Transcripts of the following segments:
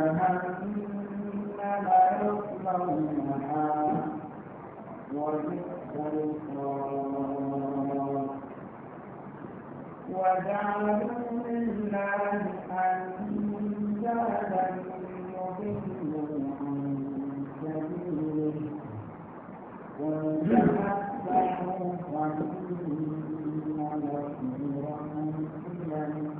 جهنم يصلونها وبئس القرار وجعلوا لله أندادا يضلوا عن سبيله قل تمتعوا فإن مصيرا إلى النار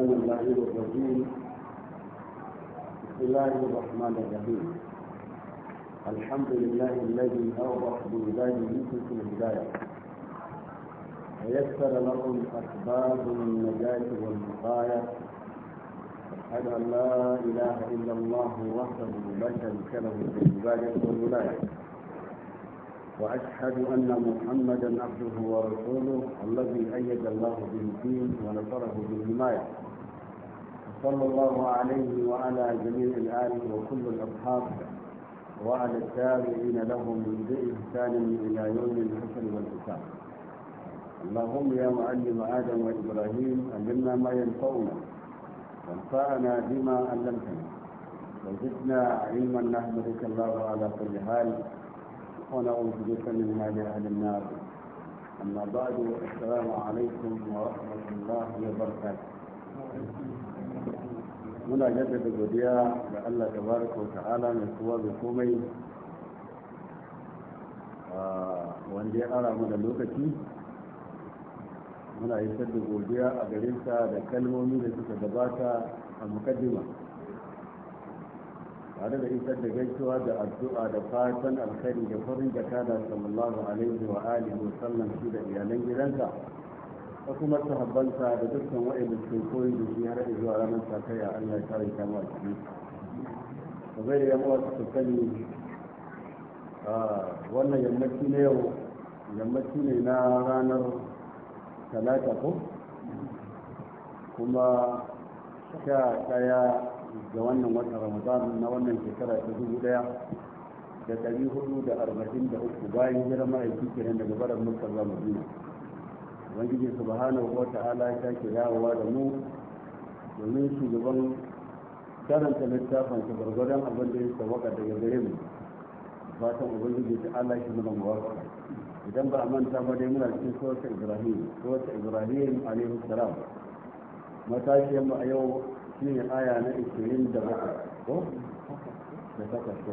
الشيطان اللعين الرجيم بسم الله الرحمن الرحيم الحمد لله الذي أوضح بعباده تلك الهداية ويسر لهم أسباب النجاة والبقايا أشهد أن لا إله إلا الله وحده لا شريك له في العبادة والولاية وأشهد أن محمدا عبده ورسوله الذي أيد الله به الدين ونصره بالحماية صلى الله عليه وعلى جميع الآل وكل الأصحاب وعلى التابعين لهم بإحسان إلى يوم الحسن والحساب اللهم يا معلم آدم وإبراهيم علمنا ما ينفعنا وانفعنا بما علمتنا وزدنا علما نحمدك الله على كل حال ونعوذ بك من هذا أهل النار أما بعد السلام عليكم ورحمة الله وبركاته muna da godiya ga allah tabaraka ta'ala mai kowa komai wanda ya ara mu da lokaci muna isar da godiya a garinsa da kalmomi da suka gabata a mukaddima tare da isar da gaisuwa da addu'a da fatan alkhairi da farin jaka da sallallahu alaihi wa alihi wa sallam shi da iyalan gidansa da kuma sahabbansa da dukkan waɗanda su koyi da shi har zuwa ranar sakaya Allah ya kare ta mu cikin da zai yan uwa su sani wannan yammaci ne yau yammaci ne na ranar talata ko kuma sha ɗaya ga wannan wata ramadan na wannan shekara ta dubu ɗaya da ɗari hudu da arba'in da uku bayan girma aiki kenan daga barar muka zama duniya ubangiji subhanahu wa ta'ala ya sake yawowa da mu domin shugaban karanta littafin su gargadon abin da ya sawaka daga gare mu fatan ubangiji ta Allah shi muna muwafaka idan ba a manta ba dai muna cikin sosa Ibrahim sosa Ibrahim alaihi salam matashiyar mu a yau shine aya na 27 ko da takwas ko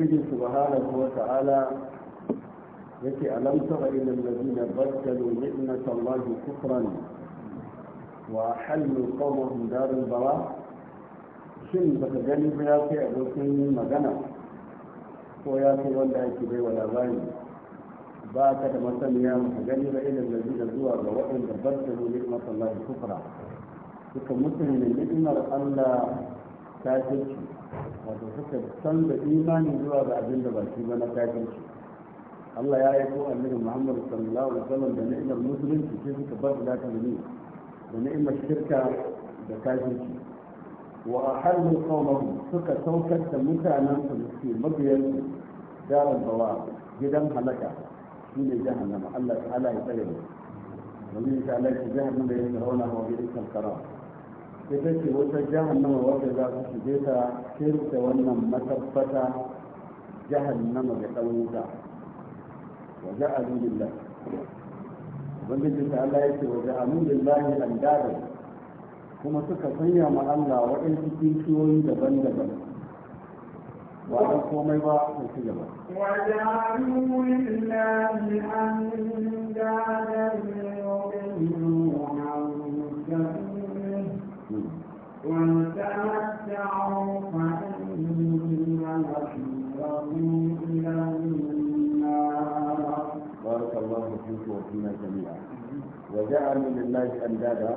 ubangiji subhanahu wa ta'ala yake alam tara ila alladhina baddalu ni'mata allahi kufran wa halu qawmahum dar al-bara shin baka gani ba ya kai abokin magana ko ya kai wanda yake bai wa labari ba ka da masaniya baka gani ba ila alladhina zuwa ga waɗanda baddalu ni'mata allahi kufra suka mutunta ni'mar allah ta ce wato suka canza imani zuwa ga abin da ba shi ba na kafirci Allah ya yi ko annabi Muhammad sallallahu alaihi wasallam da ni'imar musulunci sai suka bar da kalmi da ni'imar shirka da kafirci wa ahallu qawmahum suka saukar da mutanen su suke mabiyan darin bawa gidan halaka shine jahannama Allah ta'ala ya tsare mu domin insha Allah jahannama yana rauna wa bi'sal qarar ita ce wata jahannama wadda za su shige ta kirta wannan matabbata jahannama ga ɗan wuta wa ja'alu lillah ubangiji ta Allah yake wa za a ja'alu lillahi andadan kuma suka sanya ma Allah waɗansu kishiyoyi daban-daban ba a komai ba su ci gaba. وجعلوا لله أندادا يضلون عن وتمتعوا فإن مصيركم إلى النار بارك الله فيك وفينا جميعا وجعلوا لله أندادا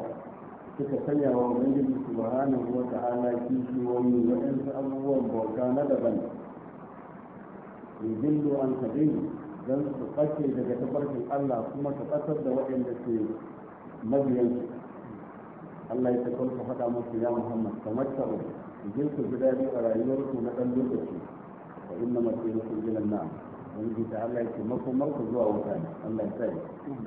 suka sanya wa ubangiji subhanahu wa ta'ala kishiyoyi waɗansu abubuwan bauta na daban yudillu an sabili don su ɓace daga tafarkin Allah kuma su da waɗanda ke mabiyansu Allah ya ce kun faɗa musu ya Muhammad kamar ta ku je ku ji daɗi a rayuwarku na ɗan lokaci fa inna masirukum ila an-nar wani ta Allah ya ce makomar ku zuwa wuta ne Allah ya tsaye. sani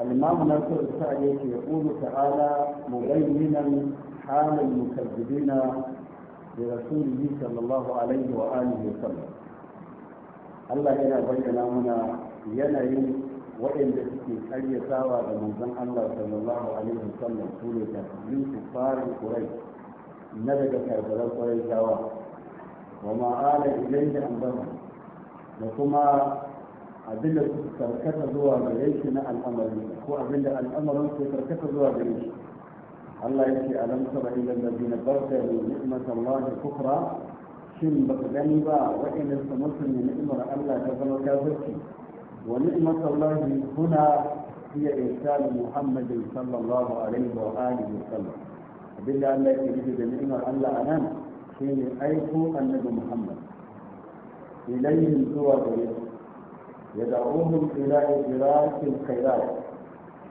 al-imamu nasir sa'ad yake yaqulu ta'ala mubayyinan halal mukazzibina bi rasulihi sallallahu alaihi wa alihi wa sallam Allah yana bayyana mana yanayin waɗanda suke karyatawa da manzon Allah sallallahu alaihi wasallam su ne kafirin kufarin kurai na daga karbaran kurai jawa wa ma'ala idan da ambata da kuma abin da su karkata zuwa gare shi na al'amari ko abin da al'amarin su karkata zuwa gare shi Allah ya ce alam saba ila allazina barkaru ni'matallahi kufra shin baka gani ba waɗanda su musulmi ni'imar Allah ta zama kafirci ونعمة الله هنا هي إرسال محمد صلى الله عليه وآله وسلم بالله أن يجد نعمة ألا أنام حين أيقوا النبي محمد إليهم سوى ذلك يدعوهم إلى إدراك الخيرات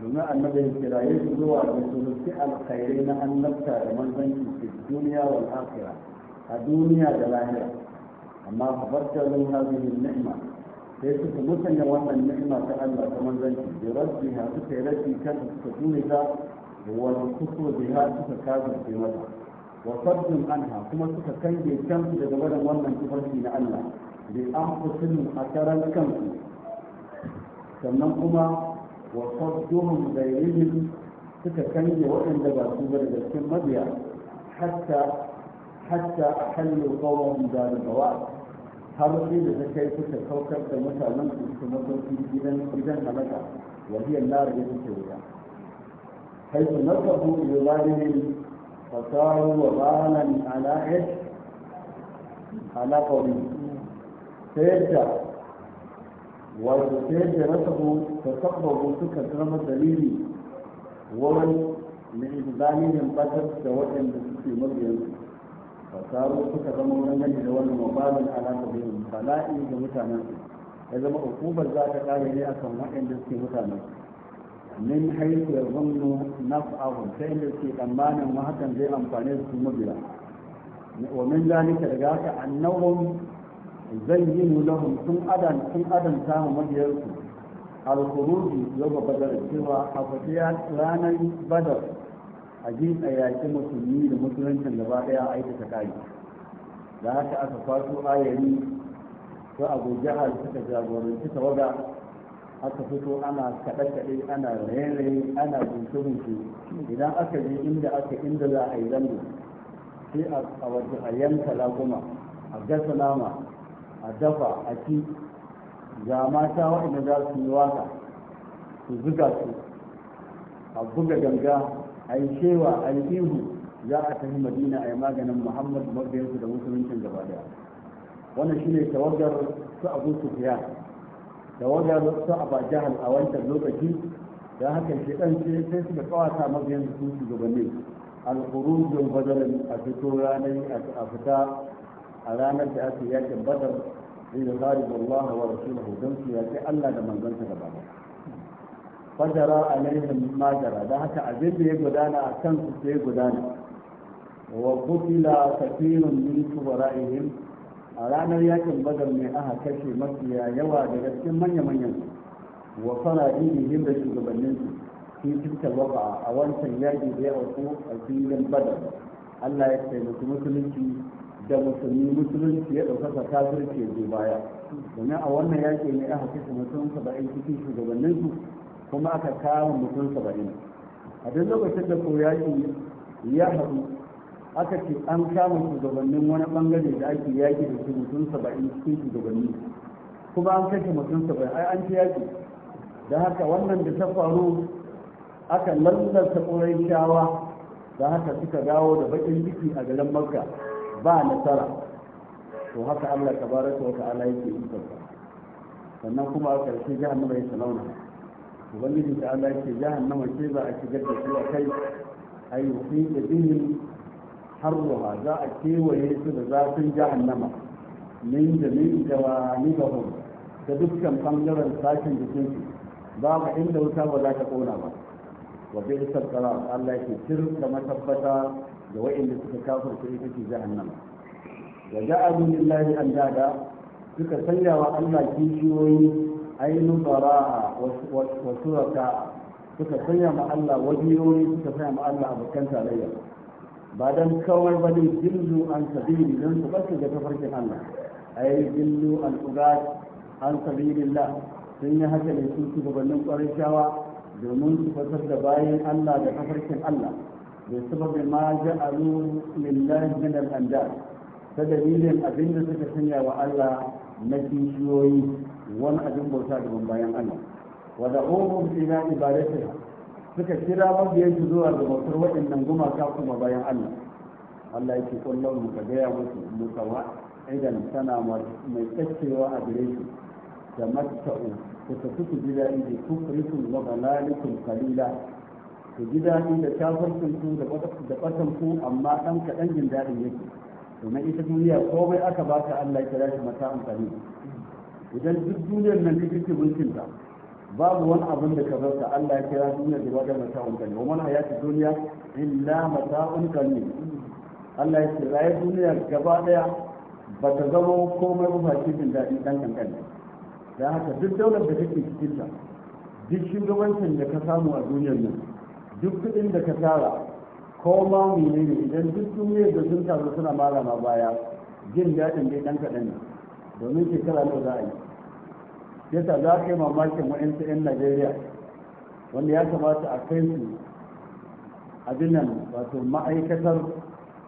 بما النبي الكرايات سوى بثلث الخيرين أن نبتع من في الدنيا والآخرة الدنيا للآخرة أما فبرت هذه النعمة sai suka musanya wannan ni'ima ta Allah ta manzanci da rabbi ha suka yi rabbi kan suka ture ta wani kusur da ya suka kaza ce mata wa sabbin anha kuma suka kange kansu daga barin wannan tafarki na Allah bi an fusilin a karan kansu sannan kuma wa sabduhum gairihim suka kange waɗanda ba su ba daga cikin mabiya hatta hatta ahallu qawlan darul bawa har sai da ta kai kuka saukar da mutanen su su mazauki gidan gidan halaka wa hiya nar da take wuta kai su nasabu bi zalihim fasaru wa balan ala id ala qawli sai da wato sai da nasabu tasabbabu suka zama dalili wurin min zalihim batar da waɗanda suke mabiyansu fasaro suka zama dangane da wannan wabalin alaƙa bai fala'i ga mutanen su ya zama hukumar za ta kare ne akan waɗanda suke mutanen su min haiku ya na fa'ahu ta inda suke tsammanin ma hakan zai amfane su mabiya wa min ka daga haka zan yi lahum sun adan sun adan samu mabiyansu al-khuruji yawma badar cewa a ranar badar a a yaƙi musulmi da musulunci gaba ɗaya a aikata ƙari. da haka aka faso ayari su abu jihar suka jagoranci tawaga aka fito ana kaɗe-kaɗe ana raye ana bunce-bunce idan aka je inda aka inda za a yi zango sai a wata a laguma a gasa nama a dafa a ci ga mata waɗanda za su yi waka su zuga su a buga ganga aishewa yi a za a tafi madina a yi maganin muhammad mabiyansu da musuluncin gaba daya wannan shine tawagar su abu sufiya tawagar su abu jahal a wancan lokaci da haka shi dan ce sai suka kawata mabiyansu su shugabanni al-khurujul badal a fito ranar a fita a ranar da ake yakin badar zai da zari Allah wa rasulahu don su yaki Allah da manzansa gaba daya fajara alaihim majara da haka abin da ya gudana a kan su sai gudana wa kutila kafirun min shubara'ihim a ranar yakin badar mai aka kashe mafiya yawa daga cikin manya-manyan wa fara'ihim da su fi cikin waka a wancan yaki da ya auku a filin badar Allah ya taimaki musulunci da musulmi musulunci ya ɗaukaka kafirci ya zo baya domin a wannan yaki ne aka kashe mutum saba'in cikin shugabanninsu kuma aka kawo mutum saba'in a duk lokacin da ko yaƙi ya haɗu aka ce an kama shugabannin wani bangare da ake yaƙi da su mutum saba'in cikin shugabanni kuma an kashe mutum saba'in ai an ci yaƙi da haka wannan da ta faru aka lallasa ƙorai shawa da haka suka dawo da baƙin ciki a garin makka ba nasara to haka allah tabaraka wa ta'ala yake yi sannan kuma a ƙarshe jihar ya salauna ubangiji ta Allah jihar jahannama ce za a shigar da su a kai a yi fi da dinin za a kewaye su da zafin jahannama min da min da wa ni ga da dukkan bangaren sashen jikinsu babu inda wuta ba za ta kona ba wa bi isar qara Allah ke tir da matabbata da wa'inda suka kafirce ita ce jahannama wa ja'alu lillahi dada suka sanya wa Allah kishiyoyi ainihin bara'a wasu raka suka sanya ma Allah wajiyoyi suka sanya ma Allah abokan tarayya ba don kawar ba ne jillu an sabili don su basu da tafarkin Allah ai jillu an ugat an sun yi haka ne sun su gabanin domin su fasar da bayan Allah da tafarkin Allah da sababin ma ja'alu lillahi min al-andar ta dalilin abinda suka sanya wa Allah na kishiyoyi wani abin bauta ban bayan Allah wa da umum ila ibadatiha suka kira mabiyansu zuwa ga bautar waɗannan gumaka kuma bayan Allah Allah yake kullum mu ga gaya musu mutawa idan tana mai tsakewa a gare shi da matta'u ku tafi ku ji daɗi da kufrikum wa balalikum kalila ku ji daɗi da kafirkin ku da ƙasan ku amma ɗan kaɗan jin daɗin yake domin ita duniya komai aka baka Allah ya kira shi mata amfani idan duk duniyar nan kake ce mulkin ta babu wani abin da ka zarta Allah ya kira duniyar da bada mata'un kalli wa man hayatu dunya illa mata'un kalli Allah ya kira ya duniya gaba daya ba ta zama komai ba face jin daɗi dan kankan dan haka duk daular da kake cikin ta duk shugabancin da ka samu a duniyar nan duk kudin da ka tara ko ma menene idan duk duniyar da sun taru suna malama baya jin daɗin dai ɗan kaɗan ne domin shekara nawa za a yi yasa za ka yi mamakin wa'yansu 'yan najeriya wanda ya kamata a kai su abin nan wato ma'aikatar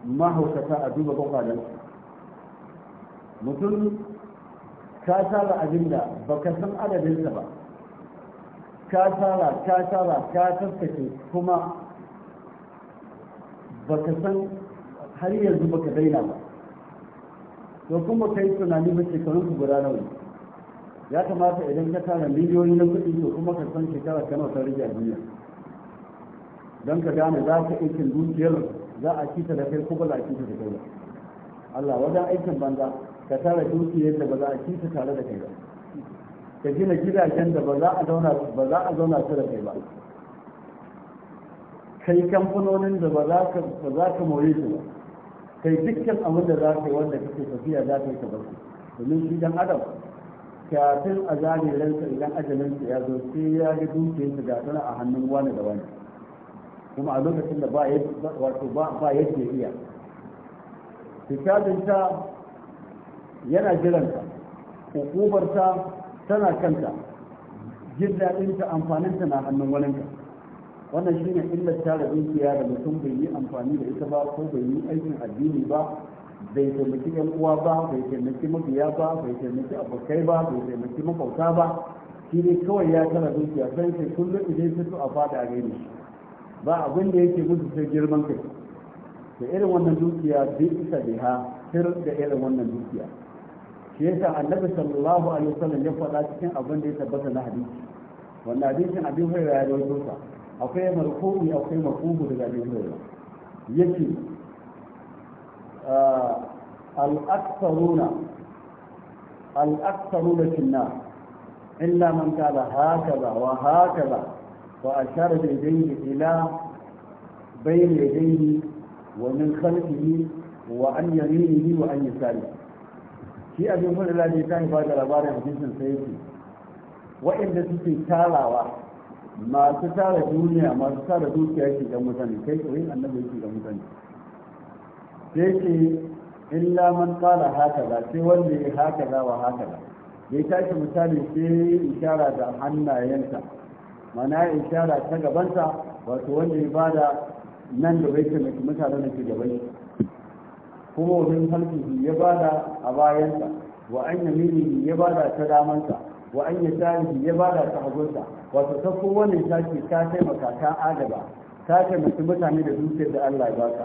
mahaukata a duba kwakwalen mutum ka tara abin da ka san adadinsa ba ka tara ka tara ka taskace kuma ka san har yanzu baka daina ba to kuma kai tunani ba shekarun ku guda nawa ya kamata idan ka tara miliyoyi na kuɗi to kuma ka san shekara kana ta rage a duniya don ka gane za ka aikin dukiyar za a kita da kai kuma ba a kita da kai Allah wajen aikin banza ka tara dukiyar da ba za a kita tare da kai ba ka gina gidajen da ba za a zauna ba za a zauna su da kai ba kai kamfanonin da ba za ka more su ba kai dukkan abin da za ka yi wanda kake tafiya za ka yi tabar domin shi dan adam kafin a zane ransa idan ajalin ya zo sai ya ga dukiyarsa ga tana a hannun wani da wani kuma a lokacin da ba wato ba ke iya ta yana hukumar ta tana kanta jin amfanin amfaninta na hannun waninka wannan shi ne illar tara dukiya da mutum bai yi amfani da ita ba ko bai yi aikin addini ba bai taimaki yan uwa ba bai taimaki mabiya ba bai taimaki abokai ba bai taimaki makauta ba shi ne kawai ya tara dukiya sai sai kullum idan fito a fada a gani ba abin da yake musu sai girman kai da irin wannan dukiya bai isa ha sir da irin wannan dukiya shi yasa annabi sallallahu alaihi wasallam ya faɗa cikin abin da ya tabbata na hadisi wannan hadisin abin hurairah ya rawaito sa akwai marfu'i akwai marfu'u daga Abi Hurairah yake ah, al-aktharuna al-aktharuna finna illa man kana hakaza wa hakaza wa share bi yadayhi ila bayna yadayhi wa min khalfihi wa an yaminihi wa an yasarihi shi abin hulalar da ya kan ba da labarin hadisin sai yake wa'inda suke kalawa. masu tara duniya masu tara dukiya yake ga mutane kai koyin annabi yake ga mutane sai ce illa man qala hakaza sai wanda ya hakaza wa hakaza ya tashi misali sai ishara da hannayensa mana ishara ta gabanta wato wanda ya bada nan da bai taimaki mutane da ke gaban kuma wajen halkihi ya bada a bayansa wa an yaminihi ya bada ta damansa wa an yasarihi ya bada ta hagunsa wato ta kowane sashi ka taimaka ka adaba ka taimaki mutane da dukiyar da Allah ya baka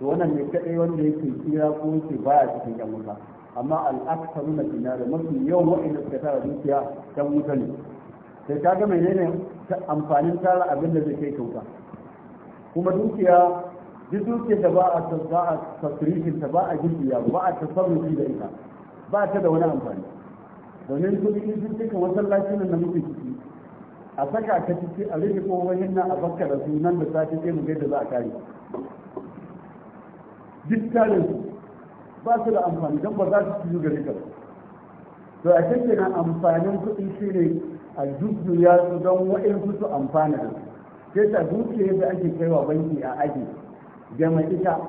to wannan ne kadai wanda yake kira ko yake baya cikin yan wuta amma al'aksaru na kina da mafi yawan wa'inda suka tara dukiya ta wuta ne sai ka ga menene amfanin tara abin da zai kai kyauta kuma dukiya duk dukiyar da ba a ba a tasirifin ta ba a jirgiya ba a tasarrufi da ita ba ta da wani amfani domin kudi in sun cikin masallaci nan da muke ciki a saka ka ciki a rufe kowayen nan a bakka da su nan da sati sai mu da za a kare duk tarin ba su da amfani don ba za su ciyo gari ka to a cikin na amfanin kuɗi shi ne a ya su don waɗansu su amfana da sai ta duke yadda ake kai wa banki a aji gama ita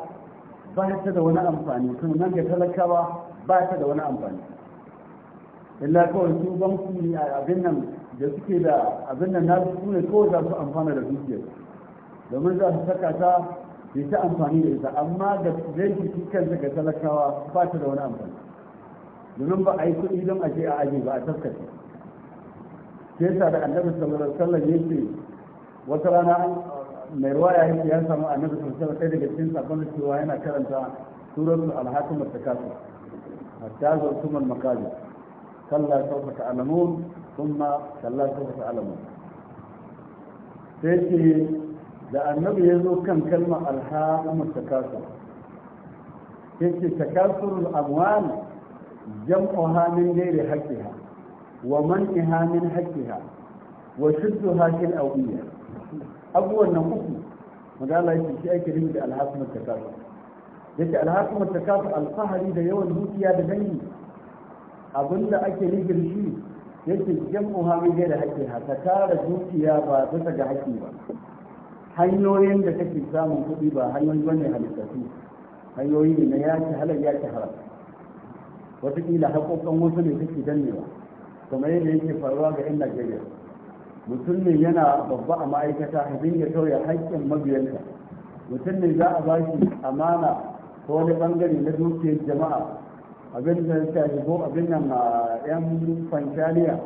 ba ta da wani amfani sun nan ga talakawa ba ta da wani amfani illa kawai su banki abin nan da suke da abin nan nasu su ne kawai za su amfana da dukiyar domin za su saka ta bai ta amfani da ita amma da zai shi kansa ga talakawa ba ta da wani amfani domin ba a yi kuɗi don aje a aje ba a taskace Ke sa da annabi sallallahu alaihi ya yace wata rana mai ruwaya yake ya samu annabi sallallahu alaihi wasallam daga cikin sakon cewa yana karanta suratul al-hakim at-takasur hatta zurtumul maqabir kalla sawfa ta'lamun ثم كلا سوف تعلمون sai da annabi ya zo kan kalmar alhamun takasur sai ce takasurul amwal jam'uha min gairi haqqiha wa man'iha min haqqiha wa shudduha fil awiyya abubuwan nan uku magana yake shi ake nufi da alhamun takasur yace alhamun takasur alfahari da yawan dukiya da dangi abinda ake nufi shi yake jin muhammi da hake haka tara dukiya ba bisa ga hake ba hanyoyin da kake samun kuɗi ba hanyoyin bane halittatu hanyoyi ne na yaki halal yaki haram ila haƙoƙan wasu ne kake dannewa kamar yadda yake faruwa ga 'yan najeriya mutum yana babba a ma'aikata abin ya tauya haƙƙin mabiyanta mutum za a bashi amana ko wani bangare na dukiyar jama'a abin da suka shigo abin nan a yan fantaniya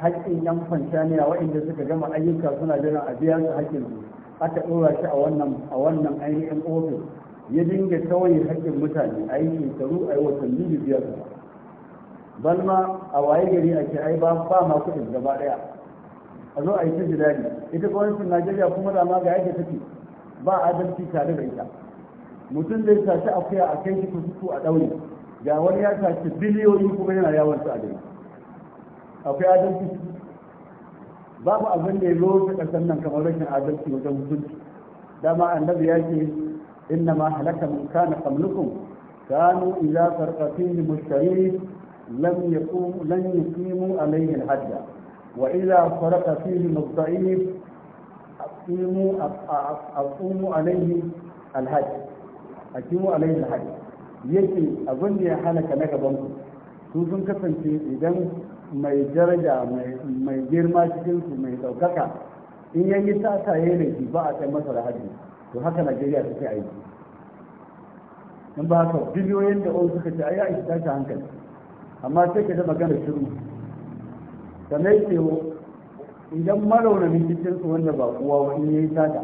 haƙƙin yan fantaniya waɗanda suka gama ayyuka suna jiran a biya su haƙƙin su aka ɗora shi a wannan a wannan ainihin ofis ya dinga kawai haƙƙin mutane a yi shekaru a yi watanni da biyar balma a waye gari a ke ai ba ma kuɗin gaba ɗaya a zo a yi ta jirani ita gwamnatin najeriya kuma da ma ga yadda take ba adalci tare da ita mutum zai sace akuya a kai shi kusurku a ɗaure ga wani ya tashi biliyoyi kuma yana yawon su a gari akwai adalci babu abin da ya zo ta ƙasar nan kamar rashin adalci wajen hukunci dama annabi ya ce inna ma halaka mun kana kamlukum kanu idza sarqatin li mushtari lam yaqum lan yuqimu alayhi al-hadda wa idza sarqa fihi mudta'if aqimu aqimu alayhi al alhaji. hakimu alaihi alhaji yake abin da ya ka na gaban ku su sun kasance idan mai daraja mai girma cikin su mai daukaka in yayi sata yayi laifi ba a kai masa alhaji to haka Najeriya take aiki in ba haka biliyoyin da on suka ce ai ai isa ta hankali amma sai ka da magana shiru sannan ce idan maraunanin cikin su wanda ba kowa wani yayi sata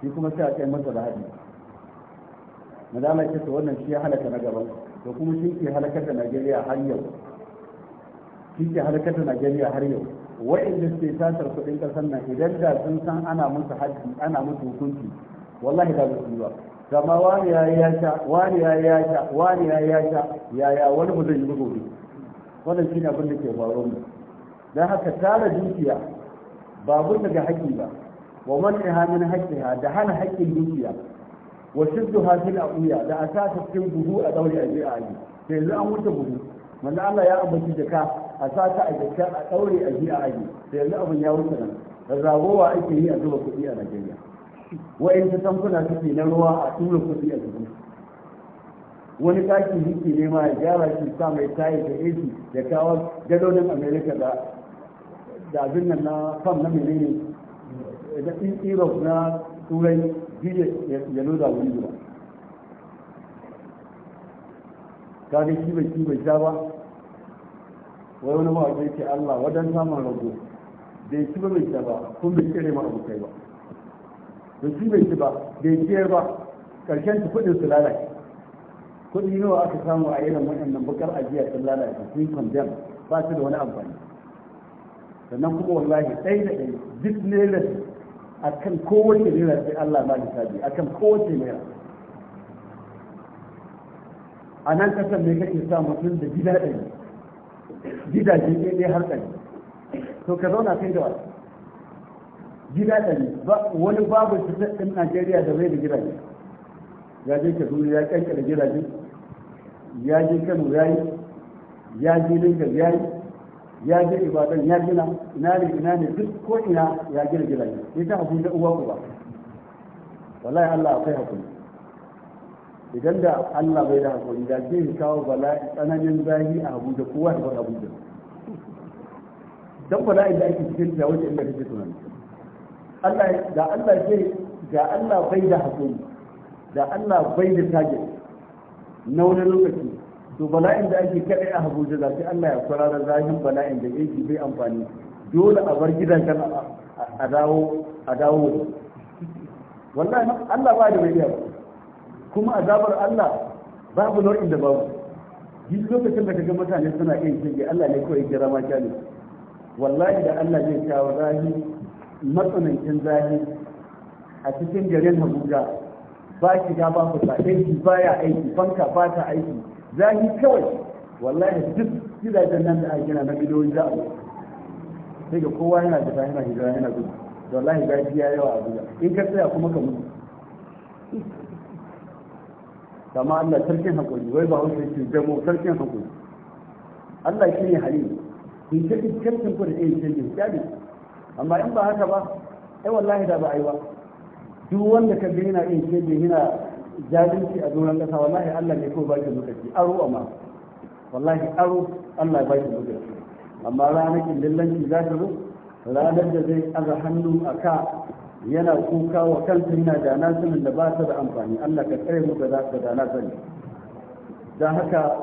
shi kuma sai a kai masa alhaji na zama ce to wannan shi ya halaka na gaban to kuma shi ke halakar da najeriya har yau shi ke halakar da najeriya har yau wa'inda suke tasar kuɗin ƙasar nan idan da sun san ana musu haji ana musu hukunci wallahi da su ba kama wani ya ya sha wani ya ya sha wani ya ya sha yaya wani mu zai yi gobe wannan shi ne abin da ke faruwa mu don haka tara dukiya ba daga haƙƙi ba wa man ha min da hana haƙƙin dukiya wa shiddu hafil a uya da a sa ta cikin buhu a daure a je a aji to yanzu an wuce buhu manzo Allah ya ambaci jaka a sa ta a jaka a daure a je a aji to yanzu abin ya wuce nan ragowa ake yi a zuba kuɗi a Najeriya wa'in ta tankuna suke na ruwa a tura kuɗi a cikin wani ɗaki yake nema ya gyara shi sa mai tayi da AC da kawo gadodin America da da abin nan na fam na menene da in Europe na turai duk ya loda wuri guda ka ga shi bai shi bai sha ba wai wani mawaƙi yake Allah wajen samun rago bai shi ba bai sha ba kun bai kire ma abokai ba bai shi bai shi ba bai ciyar ba karshen ta kuɗin su lalace kuɗi nawa aka samu a irin waɗannan bakar ajiya sun lalace sun condemn ba su da wani amfani sannan kuma wallahi ɗaya da ɗaya duk ne akan kowace naira sai Allah ba hisabi akan kowace naira a nan kasar ne kake sa mutum da gida ɗari gidaje ne har ɗari to ka zauna kai da wasu gida ɗari wani babu sassan ɗin Najeriya da zai da gidaje ya je Kaduna ya kankana gidaje ya je Kano ya yi ya je Lagos ya yi ya je ibadan ya gina ina ne ina ne duk ko ina ya gina ne sai ta hakuri da uwa ku ba wallahi Allah akwai hakuri idan da Allah bai da hakuri da ke kawo bala'i tsananin zahi a Abuja kowa da Abuja dan bala'i da ake cikin da wajen inda kake tunani Allah da Allah ke ga Allah bai da hakuri da Allah bai da tage na wani lokaci to bala'in da ake kaɗai a Abuja za sai Allah ya kura da zahin bala'in da yake bai amfani dole a bar gidan kan a dawo a dawo wallahi Allah ba da bai iya kuma azabar Allah babu nau'in da babu duk lokacin da kaga mutane suna yin shige Allah ne kawai kira ma kyale wallahi da Allah zai kawo zahi matsanancin zahi a cikin garin Abuja ba ki ga ba ku aiki baya aiki fanka ba ta aiki zahi kawai wallahi duk gidajen nan da ake gina na miliyoyin za'a a sai ga kowa yana da ta yana hijira yana gudu da wallahi gashi ya yawa a guda in ka tsaya kuma ka mutu kama Allah sarkin hakuri wai ba hausa yake zamo sarkin hakuri Allah shi ne halin kun ta kirkin ku da ɗayan canjin kyali amma in ba haka ba ai wallahi da ba a yi ba duk wanda ka ga yana ɗayan canjin yana zalunci a doron kasa wallahi Allah ne ko baki lokaci aro amma wallahi aro Allah baki lokaci amma ranar dillanci za ta zo ranar da zai aza hannu a ka yana kuka wa kansa yana da nasanin da ba ta da amfani Allah ka tsare mu da za ka da nasanin don haka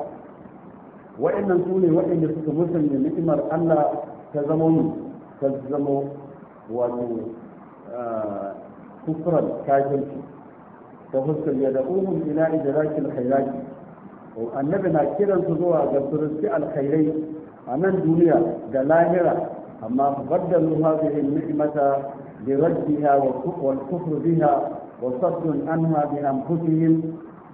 waɗannan su ne waɗanda suka musulmi ni'imar Allah ta zama mu ta zama wato ah, kufuran kafirci فهسكن يدعوهم إلى إدراك الخيرات وان وأننا كيراً تضوى جبترسي الخيري أنا الدنيا دلاهرة أما فقدلوا هذه النعمة بردها والكفر بها وصد عنها بأنفسهم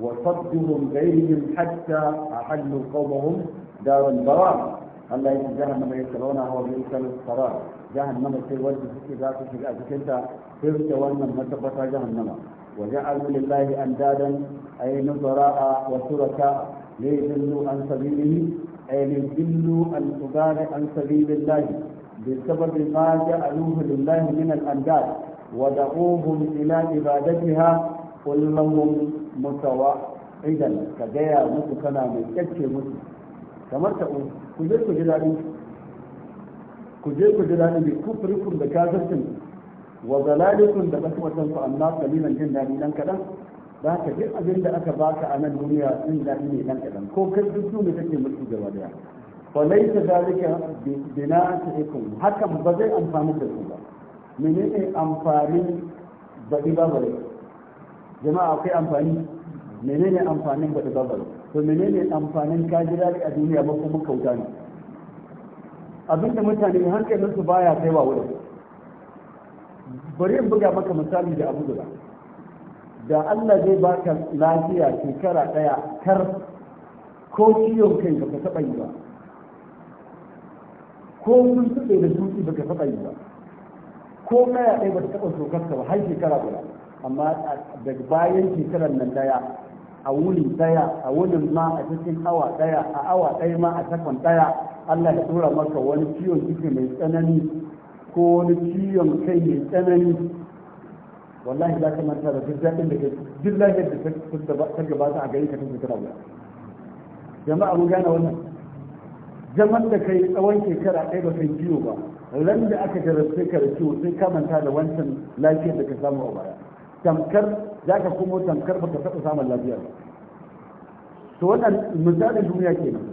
وصدهم غيرهم حتى أحلوا قومهم دار البرار الله يجزاهم ما يسرونها ويسر القرار جهنم في الوجه في ذاته في الأذكرة في الجوانب ما تبقى وجعلوا لله أندادا أي نظراء وشركاء ليضلوا عن سبيله أي ليضلوا العباد عن سبيل الله بسبب ما جعلوه لله من الأنداد ودعوهم إلى عبادتها قل لهم متوعدا كجاية مسكنا من كتش مسك كما تقول كجيكو جلالي كجيكو جلالي بكفركم بكافركم wa zalalikun da kasuwatan ku amma kalilan jin daɗi dan kaɗan za ka duk abin da aka baka a nan duniya jin daɗi ne dan kaɗan ko kai duk su ne kake mutu gaba daya fa laisa zalika bina'atikum hakan ba zai amfani da ku ba menene amfani baɗi babare jama'a akwai amfani menene amfanin baɗi babare to menene amfanin ka ji daɗi a duniya ba kuma kauta ne abinda mutane hankalinsu baya kaiwa wurin bari in buga maka misali da abu da da Allah zai baka lafiya shekara daya kar ko ciwon kai baka taba yi ba ko sun tsaye da tuki baka taba yi ba ko kaya ɗaya ta taba sokarka ba har shekara guda amma daga bayan shekarar nan daya a wuni daya a wunin ma a cikin awa daya a awa daya ma a takwan daya Allah ya tura maka wani ciwon ciki mai tsanani ko wani ciwon kai mai tsanani wallahi za ka manta da duk daɗin da duk lafiyar da ta gabata a gari ka tun shekara guda jama'a mun gane wannan zaman da kai tsawon shekara ɗaya ba kai ciwo ba ran da aka jarabce ka da ciwo sai ka da wancan lafiyar da ka samu a baya tamkar za ka kuma tamkar ba ka taɓa samun lafiya ba to wannan misalin duniya kenan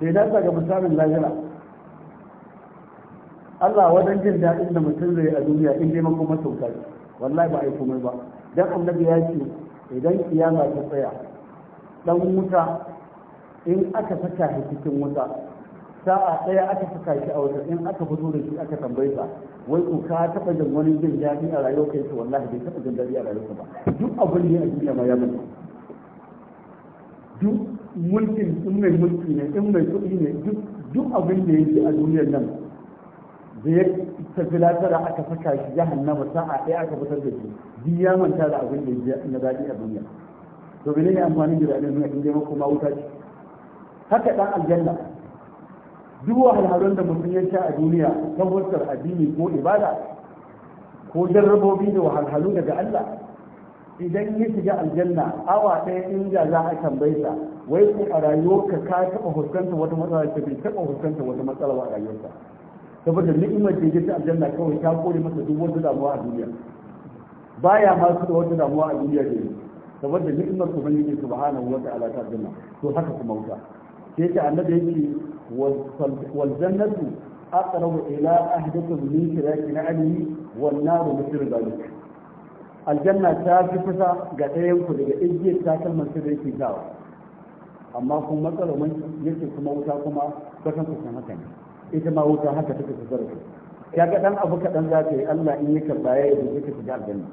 sai na ga misalin lafiyar Allah wajen jin daɗin da mutum zai a duniya in dai makon masauka ne wallahi ba a yi komai ba dan annabi ya ce idan kiyama ta tsaya dan wuta in aka saka shi cikin wuta sa'a ɗaya aka saka shi a wuta in aka fito da shi aka tambaye sa wai ko ka taɓa jin wani jin daɗi a rayuwar kai wallahi bai taɓa jin daɗi a rayuwar ba duk abin da a duniya ma ya mutu duk mulkin in mai mulki ne in mai kuɗi ne duk abin da yake a duniyar nan da ya tafi lasara aka saka shi jahannama sa'a ɗaya aka fitar da shi duk ya manta da abin da ya na daɗi a duniya to bene ne amfani da daɗin duniya in dai kuma wuta ce haka ɗan aljanna duk wahalhalun da mutum ya sha a duniya ta fuskar addini ko ibada ko jarrabobi da wahalhalu daga Allah idan ya shiga aljanna awa ɗaya inda za a tambaye sa wai a rayuwarka ka taɓa fuskantar wata matsala ta bai taɓa fuskantar wata matsala a rayuwarsa saboda ni'imar da ya ta aljanna kawai ta kore masa duk wata damuwa a duniya baya ma su da wata damuwa a duniya da yake saboda ni'imar ubangiji subhanahu wa ta'ala ta aljanna to haka kuma wuta sai ta annabi yake wal jannatu aqrabu ila ahdikum min na na'ali wan naru mithl dhalik aljanna ta fi kusa ga ɗayan ku daga igiyar ta su da yake sawa amma kuma matsalar yake kuma wuta kuma kusan kusan haka ne ita ma wuta haka take ta zarafi ya ga dan abu kaɗan za ka yi Allah in ya karɓa ya yi zuci ka shiga aljanna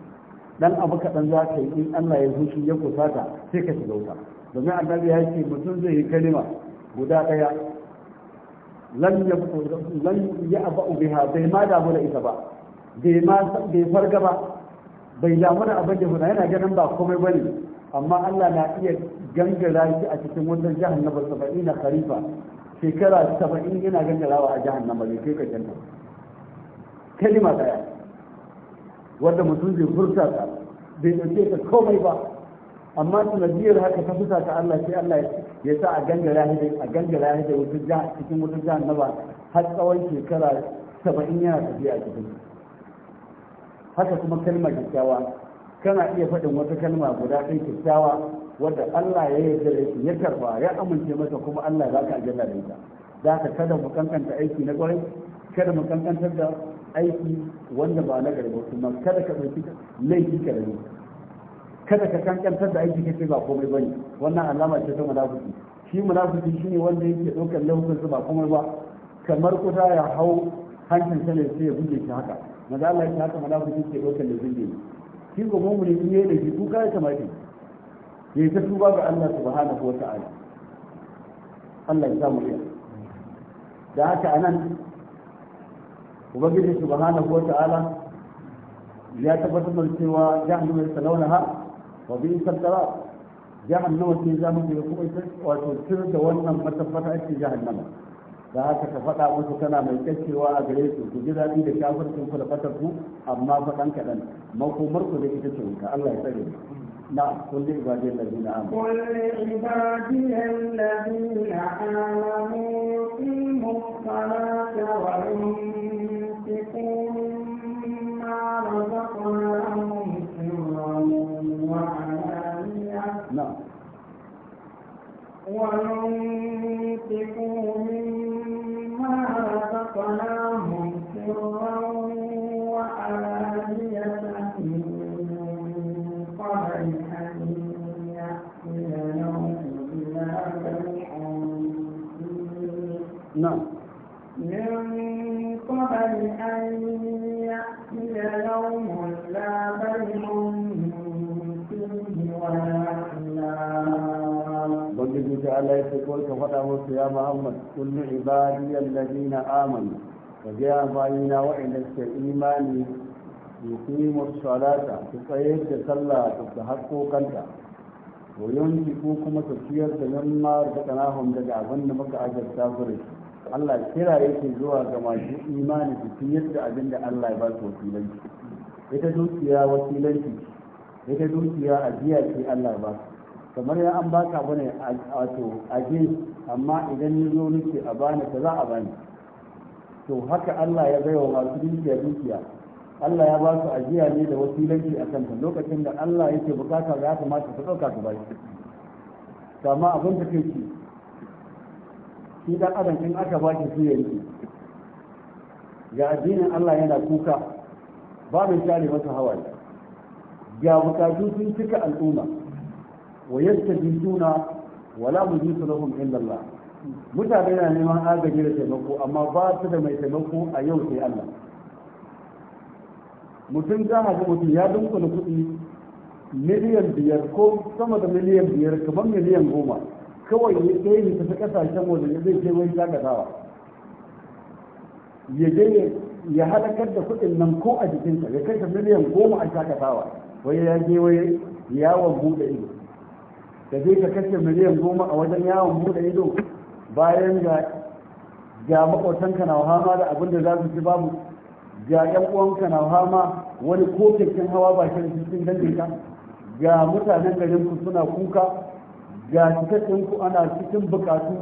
dan abu kaɗan za ka yi in Allah ya zuci ya kusa ta sai ka shiga wuta domin annabi ya ce mutum zai yi kalima guda ɗaya lan ya aba biha bai ma damu da ita ba bai ma bai farga ba bai damu da abin da huda yana ganin ba komai bane amma Allah na iya gangara shi a cikin wannan jahannama 70 kharifa shekara saba'in yana gangarawa a jihar nan ba zai kai karshen ta kalima daya wanda mutum zai furta ta bai dauke ta komai ba amma sanadiyar haka ta fusa ta Allah sai Allah ya sa a gangara a gangara wata wutar cikin wata jihar na ba har tsawon shekara saba'in yana tafiya a cikin haka kuma kalmar kyakkyawa kana iya faɗin wata kalma guda ɗaya kyakkyawa wanda Allah ya yarda da shi ya karba ya amince masa kuma Allah ya baka aljanna da ita za ka kada mu kankanta aiki na kwarai kada mu kankantar da aiki wanda ba na gari ba kuma kada ka ɗauki laifi ka rayu kada ka kankantar da aiki kace ba komai bane wannan alama ce ta munafiki shi munafiki shine wanda yake ɗaukar laifinsa ba komai ba kamar kusa ya hau hancin sa ne sai ya buge shi haka maza Allah ya haka munafiki ke ɗaukar da zunge shi ko mu ne da shi kuka ya kamata ya ta tuba ga Allah subhanahu wa ta'ala Allah ya samu iya da haka anan ubangiji subhanahu wa ta'ala ya tabbatar da cewa jahannama ya salauna ha wa bi sallama jahannama ce za mu ce kuma ita wato cire da wannan matabbata ake jahannama da haka ta faɗa musu tana mai kyakkyawa a gare su ku ji daɗi da kafircin ku da fatar ku amma faɗan kaɗan makomar ku da ita ce wuta Allah ya tsare mu نعم قل لعبادي الذين آمنوا قل لعبادي الذين آمنوا يقيموا الصلاة وينفقوا مما رزقناهم سرا وعلانية نعم وينفقوا مما نعم من قبل أن يأتي يوم لا بيع فيه ولا Ubangiji ta Allah ya ko ka faɗa musu ya Muhammad kullu ibadiyal ladina amanu ka ga bayina waɗanda suke imani yuqimu salata su tsayar da sallah su ta haƙoƙanta wa ko kuma su ciyar da nan daga abinda da muka ajarta Allah kira yake zuwa ga masu imani su fi yadda abin da Allah ya ba su wasilanci ita dukiya wasilanci ita dukiya ajiya ce Allah ba kamar ya an baka bane wato aje amma idan ni zo nake a bani ka za a bani to haka Allah ya wa masu dukiya dukiya Allah ya ba su ajiya ne da wasilanci a kanta lokacin da Allah yake bukata za ka mata su ɗauka su ba shi kama abin da kai shi dan adam in aka ba shi suya yanki ga addinin Allah yana kuka ba mai share masa hawaye ga bukatu sun cika al'umma wa yastajibuna wala mujisu lahum illa Allah mutane na neman agaji da taimako amma ba su da mai taimako a yau sai Allah mutum za a ga mutum ya dunkula kuɗi miliyan biyar ko sama da miliyan biyar kamar miliyan goma kawai ya kai ni tafi kasashen waje ya zai kai wani shakatawa ya je ya halakar da kuɗin nan ko a jikinsa ya kai ta miliyan goma a shakatawa wai ya je wai yawon buɗe ido da zai ka kashe miliyan goma a wajen yawon buɗe ido bayan ga ga makwatanka na hama da abin da za su ci babu ga yan uwanka na hama wani kofin kyakkyan hawa ba shi cikin danginka ga mutanen garin ku suna kuka ga cikakken ku ana cikin bukatu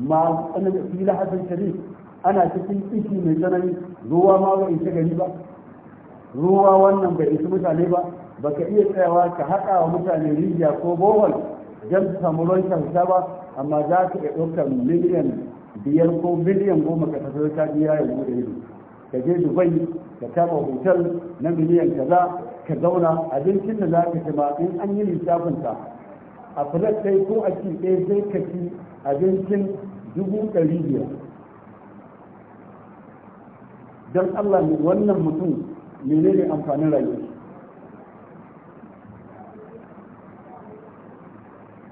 ma tsanin fila hasan sharif ana cikin ishi mai tsanani ruwa ma ba isa gari ba ruwa wannan bai isa mutane ba ba ka iya tsayawa ka haɗa wa mutane rijiya ko bohol don su samu ruwan ba amma za ka iya ɗaukar miliyan biyar ko miliyan goma ka tafi ta biya ya buɗe ido ka je dubai ka taɓa hotel na miliyan kaza ka zauna abincin da za ka ci ma in an yi lissafinsa a filas sai ko a ci ɗaya zai kaci abincin dubu ɗari biyar don allah wannan mutum menene amfanin rayuwa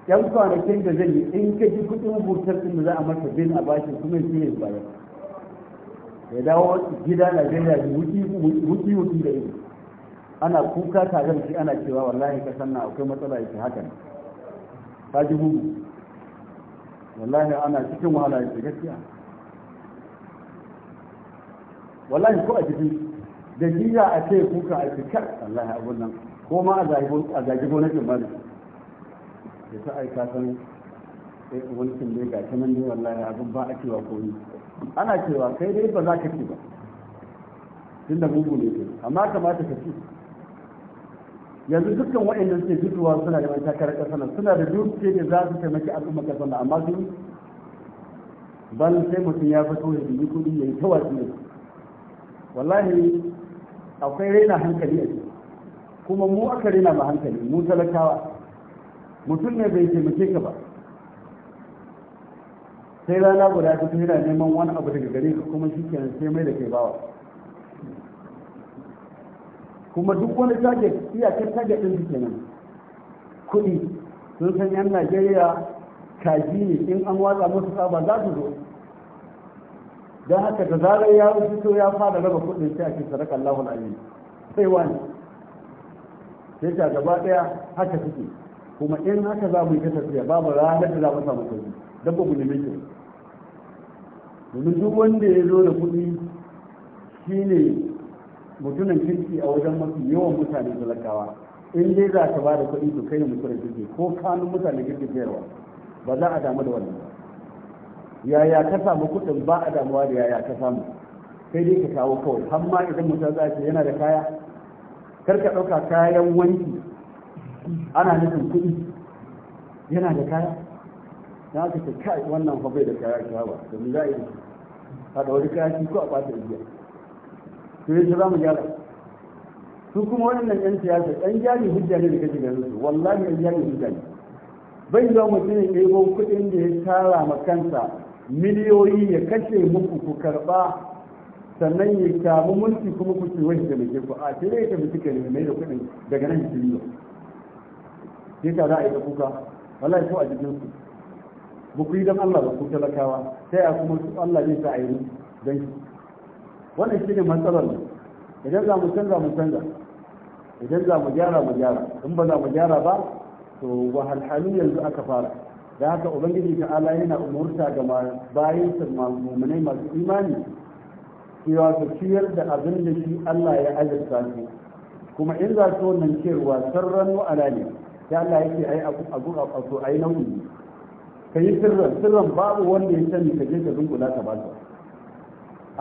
yan kwanakin da zai yi in ka ji kudin hutar din da za a masa bin a bashi kuma shi ne baya ya dawo gida na najeriya da wuki wuki da ido ana kuka tare da shi ana cewa wallahi ka sanna akwai matsala yake haka ne ta ji gugu wallahi ana cikin wahala ya gaskiya wallahi ko a cikin da jiya a ce kuka a cikin wallahi abun nan ko ma a zagi gonakin ba ne da ta aika san wani tambaye ga ta nan ne wallahi abun ba a cewa ni, ana cewa kai dai ba za ka ci ba tun da mugu ne ke amma kamata ka ci yanzu dukkan waɗanda suke fitowa suna da wani takarar ƙasa nan suna da dukiya da za su taimaki al'umma ƙasa nan amma su bal sai mutum ya fito ya yi kuɗi ya yi ta wasu ne. wallahi akwai raina hankali a ciki kuma mu aka raina ma hankali mu talakawa mutum ne bai taimake ka ba sai rana guda ta yana neman wani abu daga gare ka kuma shi kenan sai mai da kai bawa kuma duk wani target iyakar target ɗin su kenan kuɗi sun san yan najeriya kaji ne in an watsa musu tsaba za su zo don haka da zarar ya fito ya fara raba kuɗin sai ake sadaka Allahul Amin sai wani sai ta gaba ɗaya haka suke kuma in haka za mu yi ta babu ranar da za mu samu kuɗi don ba mu nemi domin duk wanda ya zo da kuɗi shine mutumin kirki a wajen mafi yawan mutane talakawa in dai za ka ba da kuɗi to kai ne mutumin kirki ko kanun mutane kirki sayarwa ba za a damu da wannan yaya ka samu kuɗin ba a damuwa da yaya ka samu sai dai ka kawo kawai har ma idan mutum za ce yana da kaya kar ka ɗauka kayan wanki ana nufin kuɗi yana da kaya na ka ce kai wannan fa bai da kaya kawai ba domin za a yi haɗa wani kaya shi ko a ɓata igiya to yanzu za mu gyara su kuma wannan 'yan siyasa 'yan jari hujja ne da kake ganin su wallahi 'yan jari hujja ne bai yiwa mutum ya ɗebo kuɗin da ya tara ma kansa miliyoyi ya kashe muku ku karɓa sannan ya samu mulki kuma ku ce wani taimake ku a sai zai tafi cikin ne mai da kuɗin daga nan jiriyo sai ka za a yi kuka wallahi ko a jikin su ba ku yi don Allah ba ku talakawa sai a kuma Allah zai sa a yi don wannan shi ne matsalar mu idan za mu canza mu canza idan za mu gyara mu gyara in ba za mu gyara ba to wahalhalu yanzu aka fara da haka ubangiji ta ala yana umurta ga bayan su masu imani cewa su ciyar da abin da shi Allah ya azurta su kuma in za su wannan cewa sarran ala ne ya Allah yake yi abu a so yi nauyi ka yi sirran sirran babu wanda ya sani ka je ka dunkula ka ba su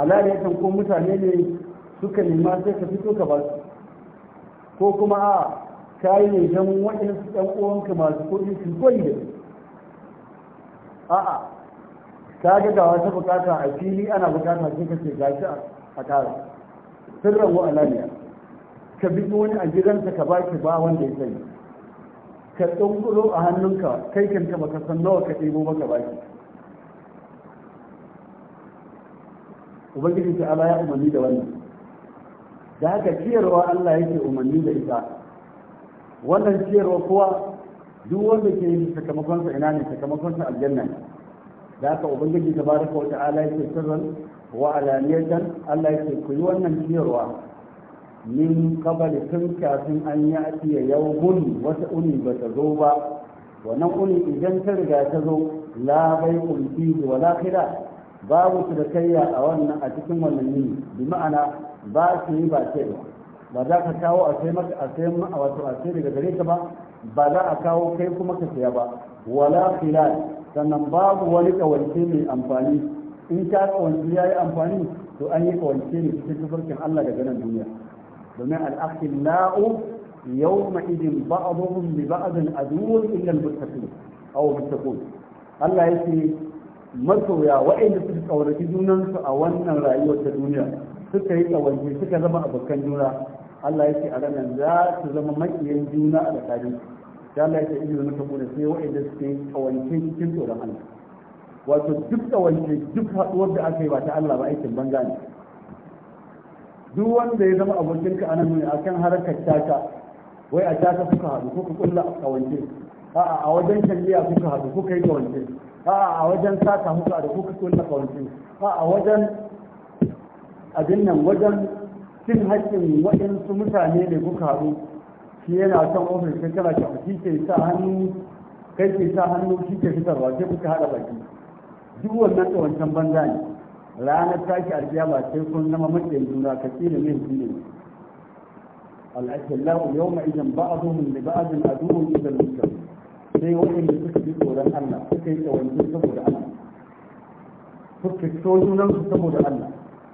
kan ko mutane ne suka nema sai ka fito ka ba su ko kuma a kayi ne don waɗansu ɗan uwanka masu kuɗi su koyi da a'a ka ga ga wata bukata a fili ana bukata sai ka ce gashi a ƙara sirran wa alaliya ka bi wani a gidansa ka baki ba wanda ya sani ka tsungulo a hannunka kai kanka baka san nawa ka ɗebo baka baki ubangiji ta ala ya umarni da wannan da haka ciyarwa Allah yake umarni da ita wannan ciyarwa kuwa duk wanda ke sakamakon sakamakonsa ina ne sakamakon sakamakonsa aljanna ne da haka ubangiji ta baraka wa ta'ala yake sirran wa alaniyatan Allah yake ku yi wannan ciyarwa min kabali tun kafin an ya atiya yau gun wata uni ba ta zo ba wannan uni idan ta riga ta zo la bai kunfi wa la khira babu cinikayya a wannan a cikin wannan yini bi ma'ana ba su yi ba ce ba ba za ka kawo a sai maka a sai wato a sai daga gare ka ba ba za a kawo kai kuma ka saya ba wala sannan babu wani kawance mai amfani in ka kawance ya yi amfani to an yi kawance ne cikin tafarkin Allah daga nan duniya domin al-akhillau yawma idin ba'dhum li ba'dhin aduwwun illa al-muttaqin aw muttaqun Allah ce. masoya waɗanda suka kauraci junansu a wannan rayuwar ta duniya suka yi kawanci suka zama abokan juna Allah ya ce a ranar za su zama makiyan juna a tsakanin da Allah ya ce ido na saboda sai waɗanda suka yi kawance cikin tsoron Allah wato duk kawance duk haɗuwar da aka yi ba ta Allah ba aikin banga ne duk wanda ya zama abokinka a nan a akan harkar taka wai a taka suka haɗu ko ku kulla a kawance a'a a wajen kalliya kuka haɗu kuka yi kawance a wajen sata mutu a da kuka so na kawanci a wajen abin nan wajen cin haƙƙin waɗansu mutane ne kuka haɗu shi yana son ofis kai kana shafa shi ke sa hannu kai ke sa hannu shi ke fitarwa sai kuka haɗa baki duk wannan kawancen banza ne ranar tashi ba sai kun zama matsayin juna ka tsira min ne al'akallahu yawma idan ba'dhum li ba'dhin a duhun idan mustaqim sai waɗanda suka bi tsoron Allah suka yi tsawanci saboda Allah suka so su saboda Allah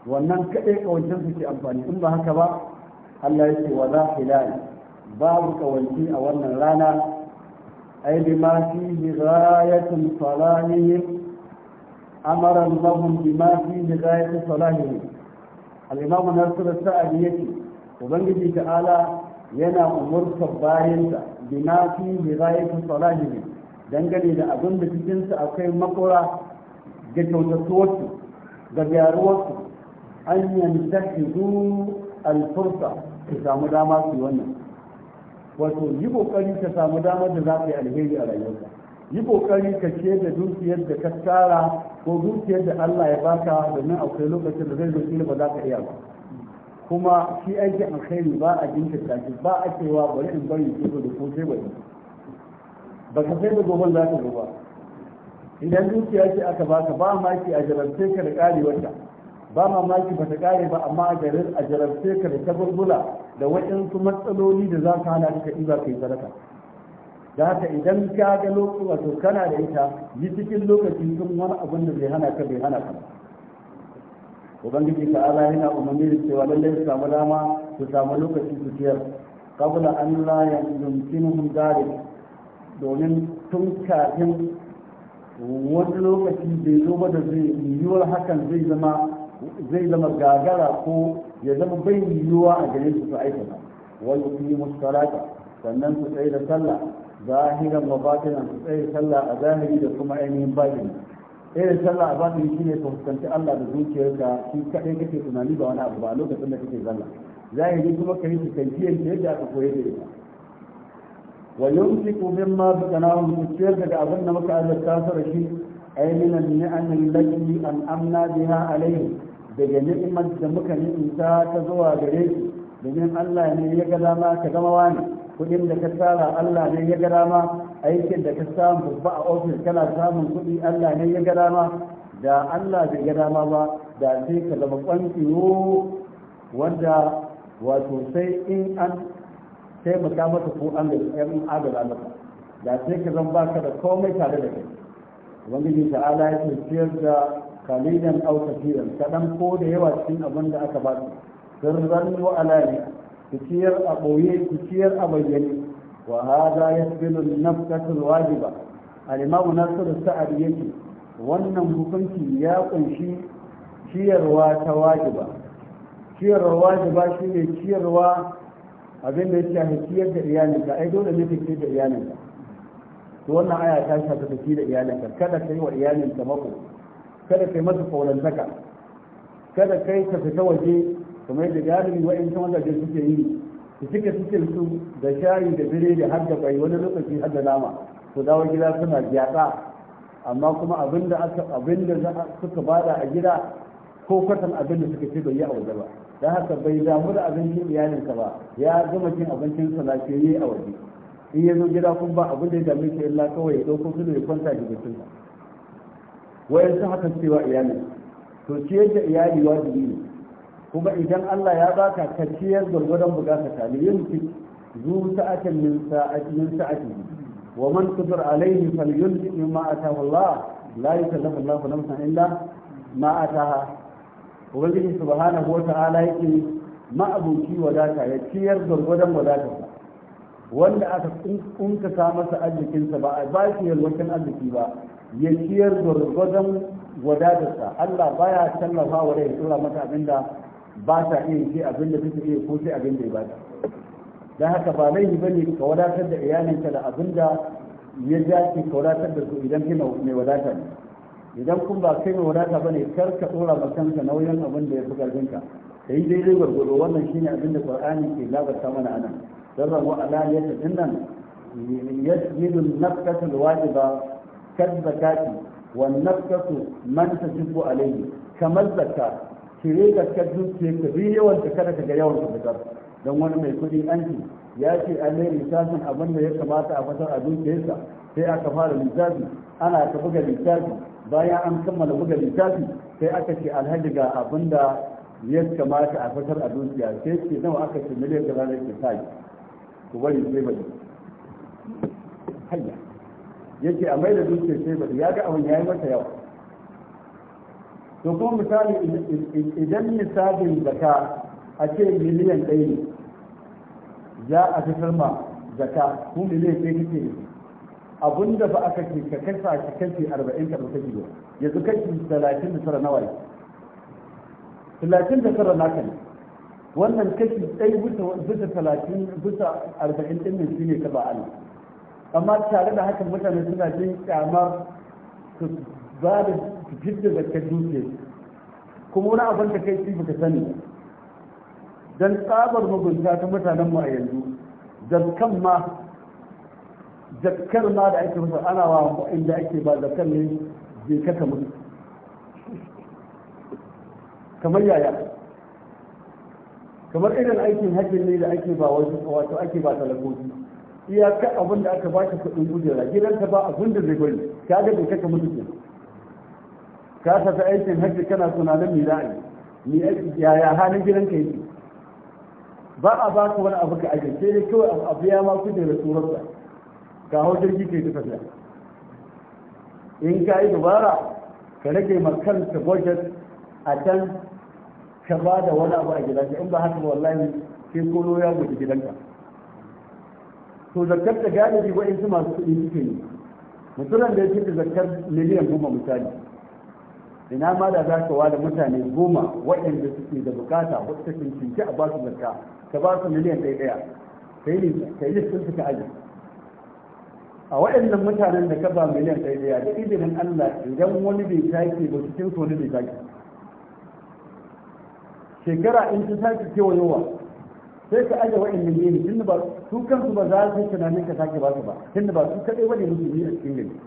wannan kaɗai kawancin su ke amfani in ba haka ba Allah ya ce wa za hilali babu kawanci a wannan rana ai bi ma fihi ghayatun salahihim amara lahum bi ma fihi ghayatun salahihim al-imam nasir as-sa'di yake ubangiji ta'ala yana umurtar bayansa bima fi hidayati salahihim dangane da abin da cikin su akwai makora ga kyautatuwarsu ga gyaruwarsu an yantahidu al-fursa ta samu dama su wannan wato yi kokari ka samu damar da za ka yi alheri a rayuwarka yi kokari ka ce da dukiyar da ka tsara ko dukiyar da Allah ya baka domin akwai lokacin da zai zo ba za ka iya ba kuma shi aikin alkhairi ba a jinkirta shi ba a cewa bari in bari ke da ko sai bari ba ka sai da goban za ka ba idan dukiya ce aka baka ba maki a jarabce ka da kare wata ba mamaki ba ta kare ba amma a jarabce ka da taburbula da waɗansu matsaloli da za ka hana ka ɗiba kai sadaka da haka idan ka ga lokaci wato kana da ita yi cikin lokaci sun wani abin da zai hana ka bai hana ka ubangiji ta ala yana umarni da cewa lallai su samu dama su samu lokaci su ciyar kabula an la yumkinuhum dalik domin tun kafin wani lokaci bai zo ba da zai yiwuwar hakan zai zama zai zama gagara ko ya zama bai yiwuwa a gare su su aikata wani kuma mustalata sannan su tsaye da sallah zahiran wa batinan su tsaye sallah a zahiri da kuma ainihin batini irin sallah azami shi ne ka fuskanci Allah da zuciyarka shi kaɗai kake tunani ba wani abu ba lokacin da kake zalla zahiri kuma ka yi tafiyar ta yadda aka koyar da ita wa yumsiku mimma zakanahu tafiyar daga abin da muka azurta su shi ay min an-ni'am allati an'amna biha alayhi daga ni'imar da muka ni'imta ta zuwa gare shi domin Allah ne ya ga dama ka zama wani kudin da ka tsara Allah ne ya ga dama aikin da ka samu babba a ofis kana samun kuɗi Allah ne ya gada ma, da Allah bai gada ma ba da sai ka zama kwanciyo wanda wato sai in an taimaka masa ko an agala masa da sai ka zama baka da komai tare da kai ubangiji ta'ala ya ciyar da kalilan au kafiran kaɗan ko da yawa cikin abin da aka ba su sirran wa alani ku ciyar a ɓoye ku ciyar a bayyane وهذا يسبل النفقة الواجبة الإمام ناصر السعد يجي wannan hukunci ya kunshi ciyarwa ta wajiba ciyarwa wajiba shi ne ciyarwa abin da ya shafi ciyar da iyalinka ai dole ne ka da iyalinka to wannan aya ta shafi ka da iyalinka kada ka yi wa iyalinka mako kada ka yi masa kaulantaka kada kai ka fita waje kamar yadda galibi wa'in sun da suke yi su cika cikin su da shayi da biredi har da bai wani lokaci har da nama su dawo gida suna gyatsa amma kuma abin da suka bada a gida ko kwatan abin da suka ce bai yi a waje ba don haka bai damu da abincin iyalinka ba ya gama cin abincin sa lafiyayye a waje in ya zo gida kun ba abin da ya dame shi illa kawai ya ɗauko su ya kwanta da jikinsa wayan sun hakan cewa iyali to ciyar da iyali wajibi ne kuma idan Allah ya baka ka ciyar gwargwadon bukata ta ne yin fi zu sa'atan min sa'ati min sa'ati wa man qadir alayhi falyunfiq mimma atahu Allah la yukallifu Allah nafsan illa ma ataha ubangiji subhanahu wa ta'ala yake ma'abuki wadata ya ciyar gwargwadon wadata wanda aka kunka sa masa arzikinsa ba a ba shi yalwacin arziki ba ya ciyar gwargwadon wadatarsa Allah baya tallafa wa da ya tura mata abinda ba ta iya ce abin da take iya ko sai abin da ya bata dan haka ba laifi bane ka wadatar da iyalinka da abin da ya dace ka wadatar da su idan kina mai wadata ne idan kun ba kai mai wadata bane kar ka dora ma kanka nauyin abin da ya fi karfinka kai daidai gwargwado wannan shine abin da qur'ani ke labarta mana anan zarra wa ala yadda dinnan yajidu nafsatu alwajiba kadzakati zakati wan nafsatu man tajibu alayhi kamar zakka cire gaskar dukiyar ka bi yawan ka kada ka ga yawan ka fitar don wani mai kuɗi anki ya ce a yi lissafin abin da ya kamata a fitar a dukiyarsa sai aka fara lissafi ana ka buga lissafi bayan an kammala buga lissafi sai aka ce alhaji ga abin da ya kamata a fitar a dukiya sai ce nawa aka ce miliyan da ranar ke sa ku bari sai bari hanya yake a mai da dukiyar sai bari ya ga abin ya yi mata yawa to kuma misali idan misalin zaka a ce miliyan ɗaya ne za a fitar ma zaka ko miliyan ɗaya kake ne abun da ba aka ce ka kasa ka kashi arba'in ka ɗauka biyu yanzu kashi talatin da tara nawa ne talatin da tara naka ne wannan kashi ɗaya bisa talatin bisa arba'in ɗin nan shine ka ba Allah amma tare da haka mutane suna jin kyamar su ba da Ku fidda zakar duke kuma wani abin da kai ka sani don tsabar mugunta ta mutanen mu a yanzu zakkan ma zakkar ma da ake masa ana wa inda ake ba zakkar ne zai kaka mutu kamar yaya kamar irin aikin hajji ne da ake ba wasu wato ake ba talakoki iyaka abin da aka ba shi kuɗin gidan ta ba abin da zai ta ga bai kaka mutu kenan ka tafi aikin hajji kana tunanin mi za'a yi yaya halin ka yake ba a ba ku wani abu ka ajiye sai dai kawai abu ya ma kuje da surarsa ga hau jirgi ta tafiya in ka yi dubara ka rage ma kanka budget a can ka ba da wani abu a gidanka in ba haka wallahi sai kolo ya guji gidanka to zakar ta galibi su masu kuɗi suke yi mutumin da ya fi zakar miliyan goma misali ina ma da za ka ware mutane goma waɗanda suke da bukata wata ta cincinci a basu zarka ka ba su miliyan ɗaya ɗaya ka yi ka yi sun suka aji a waɗannan mutanen da ka ba miliyan ɗaya ɗaya da izinin Allah idan wani bai take ba cikin su wani bai take shekara in ta take kewayowa sai ka aje waɗannan gini tun ba su kansu ba za su tunanin ka take ba su ba tun ba su kaɗai wani musulmi a cikin gani.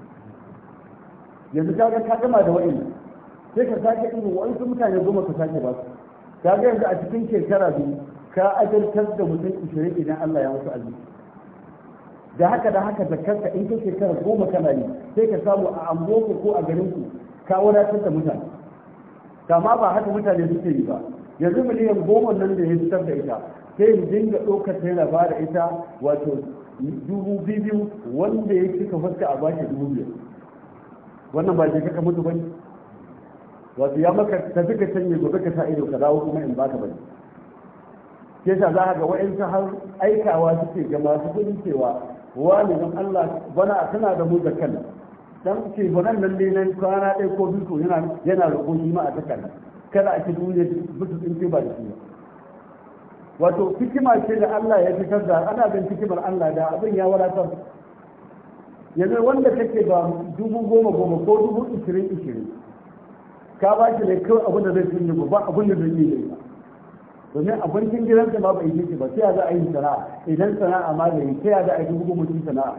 yanzu ka ga ka gama da waɗannan sai ka sake irin wa'ansu mutane goma ka sake ba su ka ga yanzu a cikin shekara biyu ka ajaltar da mutum ishirin idan Allah ya wasu arziki da haka da haka da zakarka in ka shekara goma kana yi sai ka samu a angoku ko a garinku ka wadatar da mutane kama ba haka mutane suke yi ba yanzu miliyan goma nan da ya fitar da ita sai mu dinga ɗaukar ta yana ba da ita wato dubu biyu wanda ya cika fuska a bashi dubu biyar wannan ba je kaka mutu bane wato ya maka tafi ka canje gobe ka sa ido ka dawo kuma in baka bane ke sa za ka ga wa'ansu har aikawa suke ga masu gudun cewa wani don Allah bana tana da mu da kan dan ce bana nan ne nan kwana ɗaya ko biyu yana yana roƙo shi ma a takarda kada a ci duniya bisu sun ce ba da shi wato fikima ce da Allah ya fitar da ana bin fikimar Allah da abin ya wadatar yanzu wanda kake ba dubu goma goma ko dubu ishirin ishirin ka ba shi ne kawai abin da zai fi yi ba abin da zai yi ba domin abincin gidansa ma bai yi ba sai za a yi sana'a idan sana'a ma da yi sai za a yi bugun mutum sana'a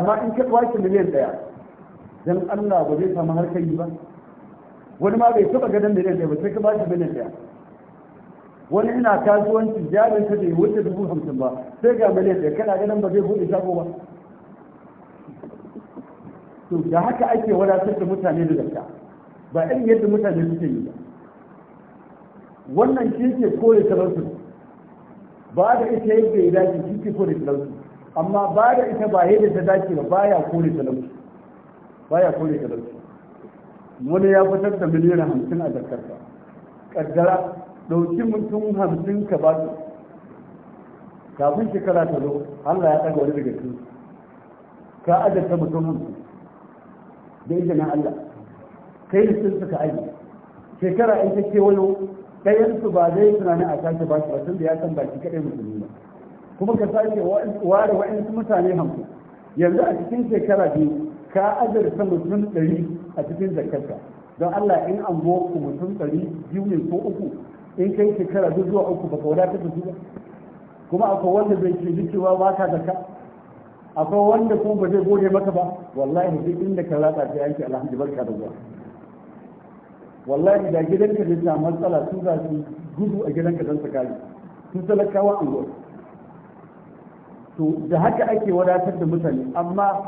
ma in ka kwashi miliyan daya dan Allah ba zai samu harkar yi ba wani ma bai taba gadon miliyan daya ba sai ka ba shi miliyan daya wani ina kasuwanci jarin ka bai wuce dubu hamsin ba sai ga miliyan daya kana ganin ba zai buɗe shago ba to da haka ake wadatar da mutane da zakka ba irin yadda mutane suke yi ba wannan shi ke kore talautu ba da ita yadda ya dace shi ke kore talautu amma ba da ita ba yadda ta dace ba ba ya kore talautu ya kore talautu wani ya fitar da miliyan hamsin a zakarsa kaddara ɗauki mutum hamsin ka ba su kafin shekara ta zo Allah ya ɗaga wani daga cikin ka adadta mutum hamsin da na Allah sai da sun suka aji shekara in ta kewayo ɗayan su ba zai tunani a sake ba shi ba tun da ya san baki kaɗai musulmi ba kuma ka sake ware wa'insu mutane hamsin yanzu a cikin shekara biyu ka azurta mutum ɗari a cikin zakarta don Allah in an zo ku mutum ɗari biyu ne ko uku in kai shekara duk zuwa uku ba ka wadatar da su ba kuma akwai wanda bai ce cewa ba ka zakka akwai wanda kuma ba zai gode maka ba wallahi duk inda ka rasa ta yanki alhamdu barka da zuwa wallahi da gidanka da na matsala su za su gudu a gidanka don su kare su talakawa a gudu to da haka ake wadatar da mutane amma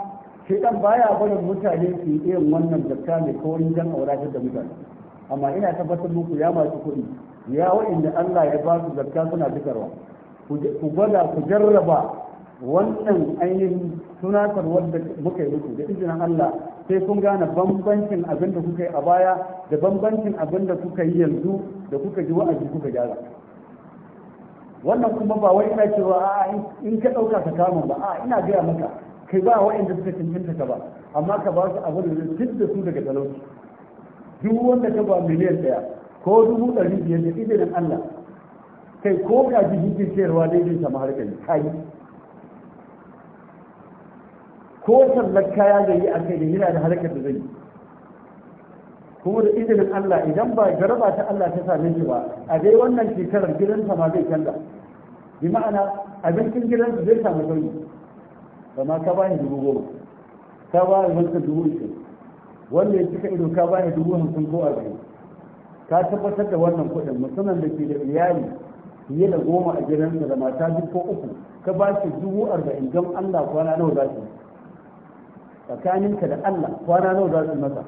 shaidan baya barin mutane su yi irin wannan zakka mai kawai don a wadatar da mutane amma ina tabbatar muku ya masu kuɗi ya da Allah ya ba su zakka suna fitarwa ku gwada ku jarraba wannan ainihin tunatar wadda muka yi muku da izinin Allah sai kun gane bambancin abin da kuka yi a baya da bambancin abin da kuka yi yanzu da kuka ji wa'azi kuka gyara wannan kuma ba wai ina cewa a in ka ɗauka ka kama ba a ina gaya maka kai ba wa'inda suka cancanta ka ba amma ka ba su abin da zai da su daga talauci duk wanda ka ba miliyan ɗaya ko dubu ɗari biyar da izinin Allah kai ko ka ji hikin sayarwa daidai sama harkar kayi ko sallar kaya da yi a kai da yana da harkar da zai yi kuma da izinin Allah idan ba jaraba ta Allah ta same shi ba a dai wannan shekarar gidan sama zai canza bi ma'ana abincin gidansa zai samu sauyi ba ma ka bani dubu goma ka ba ni wanka dubu ishirin wanda ya cika ido ka bani dubu hamsin ko arba'in ka tabbatar da wannan kuɗin musamman da ke da iyali fiye da goma a gidansa da mata duk ko uku ka ba shi dubu arba'in don Allah kwana nawa za yi. tsakaninka da Allah kwana nawa za su masa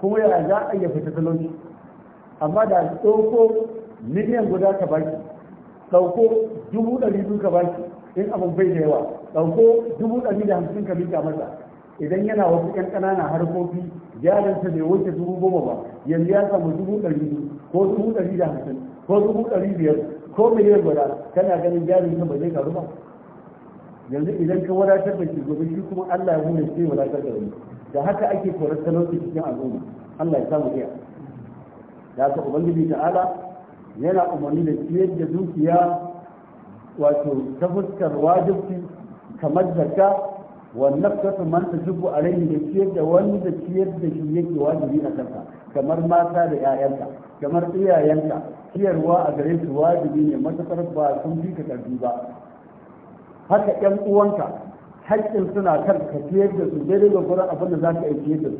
kuma yana za a iya fita talauci amma da ɗauko miliyan guda ka baki ɗauko dubu ɗari biyu ka baki in abin bai da yawa ɗauko dubu ɗari da hamsin ka miƙa masa idan yana wasu ƴan ƙananan harkoki yaransa bai wuce dubu goma ba yanzu ya samu dubu ɗari biyu ko dubu ɗari da hamsin ko dubu ɗari biyar ko miliyan guda kana ganin jarin ka ba zai karu ba yanzu idan ka wadatar da shi gobe shi kuma Allah ya hore sai wadatar da wani da haka ake korar talauci cikin al'umma Allah ya samu iya da haka ubangiji ta'ala yana umarni da ciyar da dukiya wato ta fuskar wajibci kamar zakka wannan kasu man tajibu alayhi a rai da ciyar da wanda ciyar da shi yake wajibi a kansa kamar mata da 'ya'yanka kamar iyayenka ciyarwa a gare su wajibi ne matakar ba sun fi ka karfi ba haka ƴan uwanka haƙƙin suna kan ka ciyar da su daidai da gurin abin da za ka yi fiye da su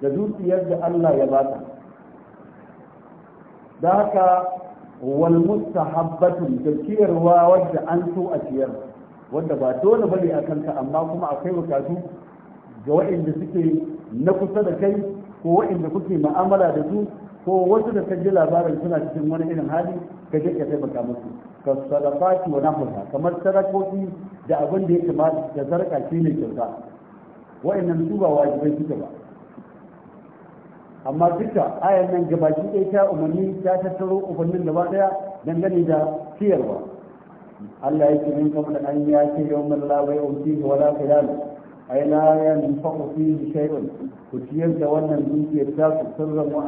da dukiyar da Allah ya baka da haka wal mustahabbatu da ciyarwa wadda an so a ciyar wanda ba dole bane a kanka amma kuma akwai bukatu ga waɗanda suke na kusa da kai ko waɗanda kuke mu'amala da su ko wasu da kan ji labarin suna cikin wani irin hali ka je ka taimaka musu ka sadaqati wa nahwa kamar sadakoki da abin da ya kamata da zarka shi ne kyauta wa'annan su ba wajibai suke ba amma duka ayan nan gabaki ɗaya ta umarni ta tattaro ubannin gaba ɗaya dangane da ciyarwa Allah ya ce min kamar an ya ce yawan mallaba ya umti wala filal ai la yanfa'u fihi shay'un ku ciyar da wannan dukiyar ta su sirran mu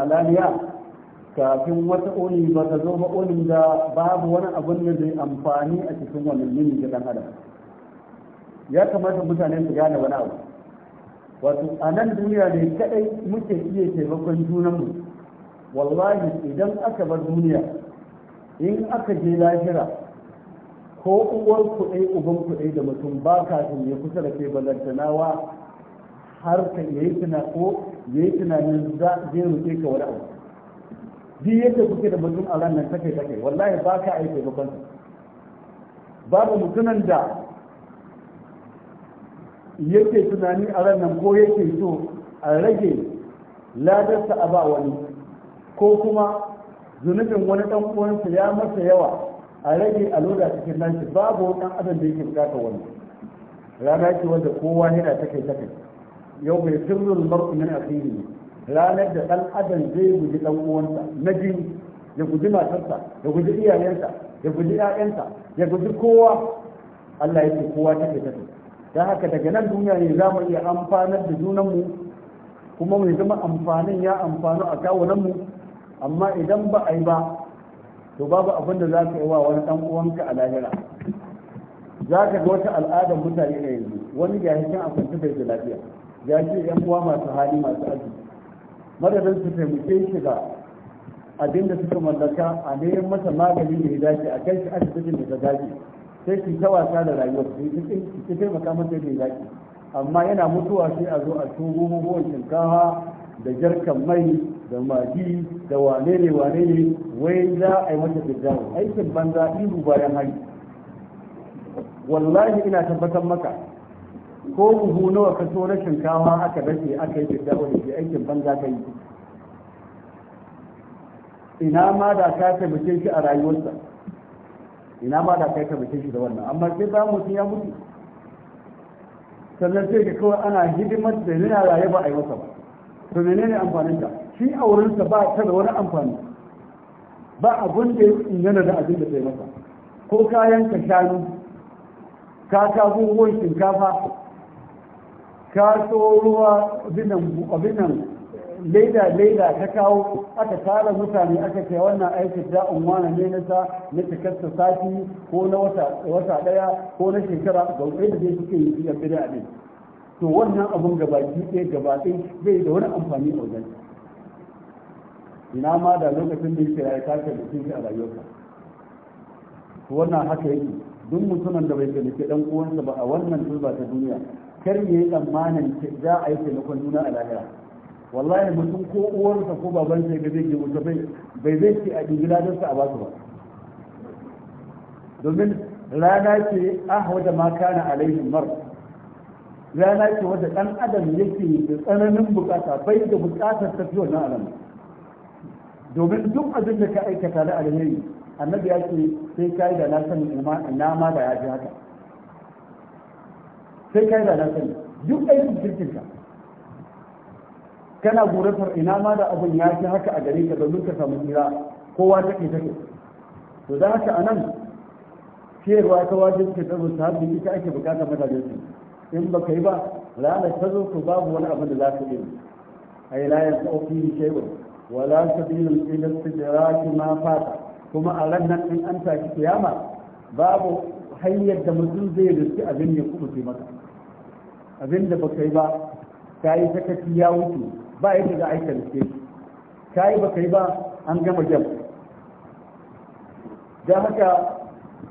kafin wata oni ba ta zo ba onin da babu wani abin da zai amfani a cikin wannan yini ga dan adam ya kamata mutane su gane wani abu wato a nan duniya ne kadai muke iya taimakon mu. wallahi idan aka bar duniya in aka je lahira ko uwar kuɗai uban kuɗai da mutum ba kafin ya kusa da ke balantanawa har ka yayi tuna ko yayi tunanin za zai roƙe ka wani abu duk yadda kuke da mutum a ranar take take wallahi ba ka aiki bakon babu mutumin da yake tunani a ranar ko yake so a rage ladarsa a ba wani ko kuma zunubin wani dan uwansa ya masa yawa a rage a loda cikin nashi babu dan adam da yake bukatar wani rana ce wanda kowa yana ta kai ta kai yau mai sirrin barku min asiri ranar da ɗan adam zai guji ɗan uwansa na jini ya guji matarsa ya guji iyayensa ya guji ƴaƴansa ya guji kowa Allah ce kowa take tafi dan haka daga nan duniya ne za mu iya amfanar da junanmu kuma mu zama amfanin ya amfanu a kawunanmu amma idan ba a yi ba to babu abin da za ka yi wa wani ɗan uwanka a lahira za ka ga wata al'adar mutane na yanzu wani ya hikin a bai da lafiya ya ce yan uwa masu hali masu aji. madadin su taimake shi ga abin da suka mallaka a neman masa magani da ya dace a kai shi asibitin da ta dace sai ta wasa da rayuwar su taimaka masa da ya dace amma yana mutuwa sai a zo a tubo mabuwan shinkawa da jarkan mai da maji da wane ne wane ne wai za a yi mata fitawo aikin banza ihu bayan hari wallahi ina tabbatar maka ko buhu nawa ka so na shinkawa aka dace aka yi fidda wani ke aikin banza ka yi ina ma da ka taimake shi a rayuwarsa ina ma da ka taimake shi da wannan amma sai ba mutum ya mutu sannan sai ka kawai ana hidimar da yana raye ba a yi masa ba to menene amfanin ta shi aurensa ba ta da wani amfani ba abun da ya ingana da abin da sai masa ko kayan ka shanu ka kago shinkafa ka ruwa abin nan leda leda ta kawo aka tara mutane aka ce wannan aikin da unwana ne na sa na cikarsa sati ko na wata daya ko na shekara ga da zai suke yi biyan bida abin to wannan abun gabaki ɗaya gabaɗin bai da wani amfani a wajen ina ma da lokacin da yake ya kace da shi a rayuwarsa to wannan haka yake duk mutumin da bai taimaki dan uwansa ba a wannan turba ta duniya kar ya yi tsammanin za a yi taimakon juna a lahira wallahi mutum ko uwarsa ko babansa ga zai je wuta bai bai zai ce a dubi ladarsa a basu ba domin rana ce ahwa da ma kana alaihim mar rana ce wadda dan adam yake da tsananin bukata bai da bukatar tafi wannan alamu domin duk abin da ka aikata da alheri annabi ya ce sai kai da na sanin ina ma da ya ji haka sai kai da na sani duk aikin kirkin ka kana guratar ina ma da abin ya fi haka a gare ka domin ka samu tsira kowa take take to da haka anan cewa ta wajen ka tsaro ta haɗin ita ake bukata madajen su in baka yi ba ranar ta zo babu wani abin da za ka yi ai la yanzu ofi shaywa wala sabilul ila istidraki ma fata kuma a ranar in an tafi kiyama babu hanyar da mutum zai riski abin ya kuma maka abin da baka yi ba ka yi sakaci ya wuce ba yadda za aikin da ke. ka yi baka yi ba an gama jam Da haka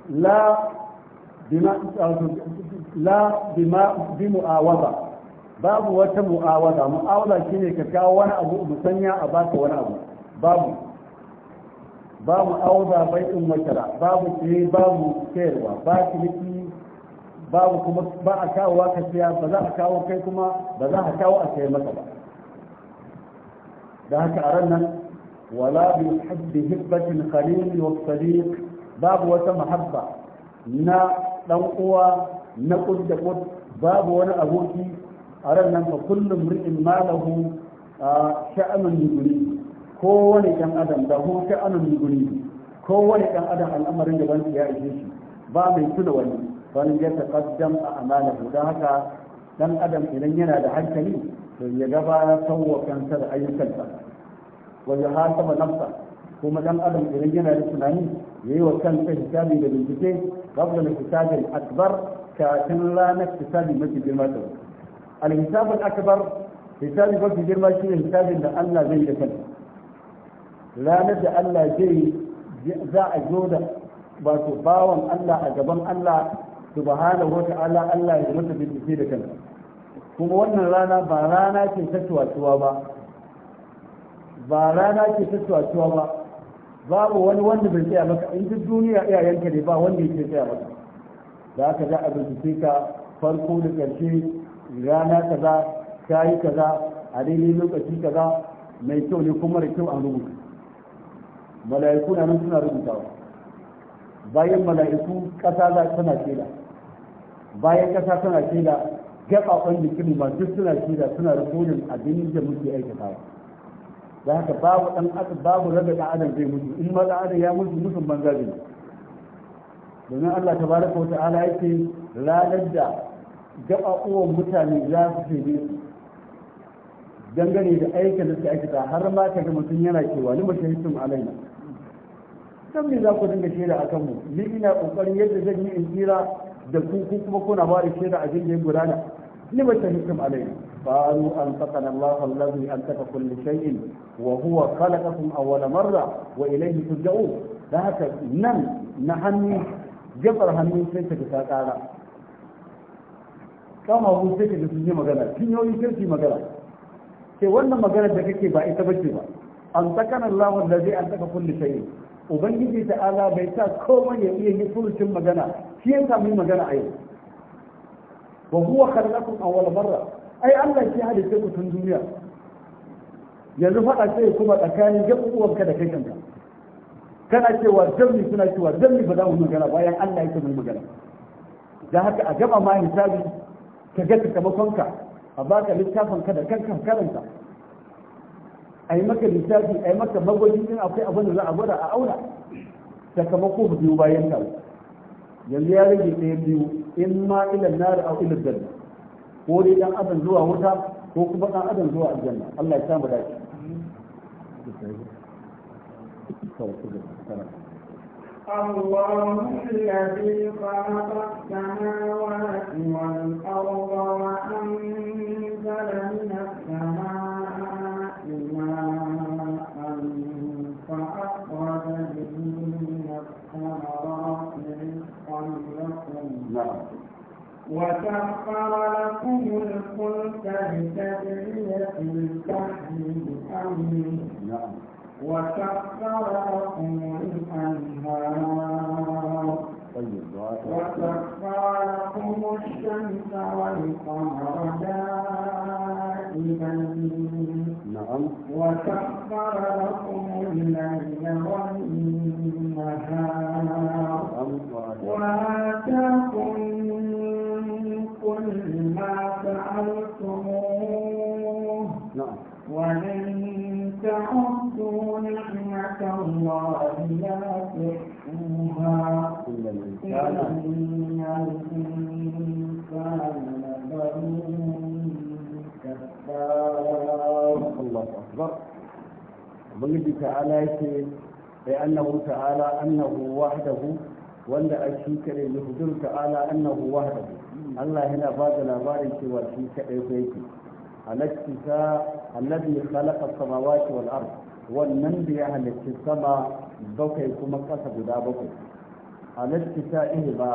la bima la bima bi mu'awaza babu wata mu'awaza mu'awaza shine ka kawo wani abu musanya a baka wani abu babu babu auza bai'in washara babu ce babu sayarwa ba ciniki babu kuma ba a kawowa ka siya ba za a kawo kai kuma ba za a kawo a sayar maka ba da haka a ran nan wala bi hubbi hibbatin khalil wa sadiq babu wata mahabba na dan uwa na kudda kud babu wani aboki a ran nan fa kullum ri'in malahu sha'anun ko wani dan adam da hu sha'anun ko wani dan adam al'amarin da ban ya ishe shi ba mai tuna wani wani ya taƙaddam a amalahu don haka dan adam idan yana da hankali to ya gabatar wa kansa da ayyukansa wa ya hasaba nafsa kuma dan adam idan yana da tunani yayi wa kansa hisabi da bincike qabla al-hisab al-akbar kafin ranar hisabi mafi girma ta al-hisab al-akbar hisabi mafi girma shi hisabin da Allah da da Allah zai za a zo da wato bawan Allah a gaban Allah subhanahu wata'ala Allah ya masa tafi da kansa kuma wannan rana ba rana ce ta tuwatuwa ba ba rana ce ta tuwatuwa ba babu wani wanda bai tsaya maka in duk duniya iyayenka ne ba wanda yake tsaya maka da aka za a bincike ka farko da ƙarshe rana kaza ta yi kaza a daidai lokaci kaza mai kyau ne kuma da kyau an rubuta mala'iku na nan suna rubutawa bayan mala'iku ƙasa za tana shaida. bayan kasa tana shaida gaɓaɓen jikin ma duk suna shida suna rikodin abin da muke ba da haka babu ɗan adam babu raga ɗan adam zai mutu in ma ɗan adam ya mutu mutum banza zai domin Allah ta baraka wa ta'ala yake ranar da gaɓaɓuwan mutane za su ne dangane da aikin da suka aikata har ma ka ga mutum yana cewa ni mace hikim alaina kan me za ku dinga shaida a kanmu ni ina ƙoƙarin yadda zan yi in tsira da ku ku kuma kuna ba da shaida abin da ya gudana lima shahidtum alaina قالوا wa الله الذي أنطق كل شيء وهو خلقكم أول مرة وإليه ترجعون ذاك نم نحن جبر هني سيسك ساكارا kama hu sai ka sun yi magana kinyoyi sai su magana sai wannan magana da kake ba ita bace ba an takana Allah wallazi an taka kulli shay'in ubangiji da ala bai sa komai ya iya yi furucin magana shi ya samu magana a yau Ba huwa khalaqakum awwal marra ai Allah shi halitta ku tun duniya yanzu faɗa sai kuma tsakanin gaɓuɓuwanka da kai kanka kana cewa zammi suna cewa zammi ba za mu magana bayan Allah yake mai magana da haka a gaba ma hisabi ka ga sakamakonka a baka littafin ka da kanka karanta a yi maka lissafi a yi maka magwaji din akwai abin da za a gwada a auna sakamako biyu bayan ka yanzu ya rage ɗaya biyu in ma ila nar au ila janna ko dai dan adam zuwa wuta ko kuma dan adam zuwa aljanna Allah ya samu dace الله الذي خلق السماوات والأرض وأنزل من السماء نعم وسخر لكم الفلك لتجري في البحر بأمره نعم وسخر لكم الأنهار طيب، وسخر لكم الشمس والقمر دائبين نعم وسخر لكم الليل والنهار نعم، وآتاكم تعدوا نعمة الله لا تحصوها إن الإنسان لظلوم كفار الله أكبر ubangiji ta'ala yake bai annahu ta'ala annahu wahdahu wanda a shi kadai yuhdur ta'ala annahu wahdahu Allah yana ba da labarin cewa shi yake halittisa alladhi khalaqa samawati wal ard wannan da ya halarci sama bakwai kuma kasa guda bakwai halittisa ihi ba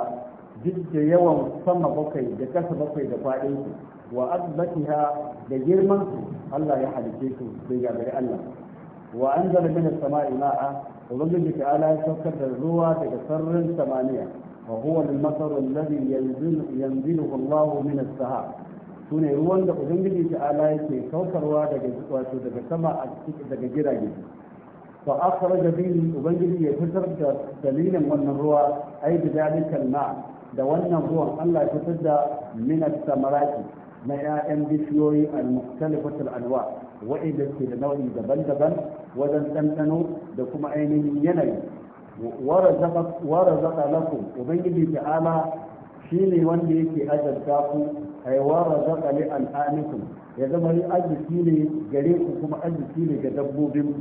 duk da yawan sama bakwai da kasa bakwai da faɗin su wa azbatiha da girman Allah ya halitta su da gagari Allah wa an zara min sama'i ma'a ubangiji ta ala ya saukar da ruwa daga sararin samaniya wa huwa al-masar alladhi yanzilu yanzilu Allah min as su ne ruwan da ubangiji ta ala yake kaukarwa daga wato daga sama a daga jirage fa akhraja bihi ubangiji ya fitar da dalilin wannan ruwa ai da dalikan ma da wannan ruwan Allah ya fitar da min samarati na ya'yan bishiyoyi al-mukhtalifatul anwa wa'inda ke da nau'i daban-daban wajen ɗanɗano da kuma ainihin yanayi warazaka lakum ubangiji ta'ala shine wanda yake ajar ku aiwa razaka li al'anikum ya zama ni arziki ne gare ku kuma arziki ne ga dabbobin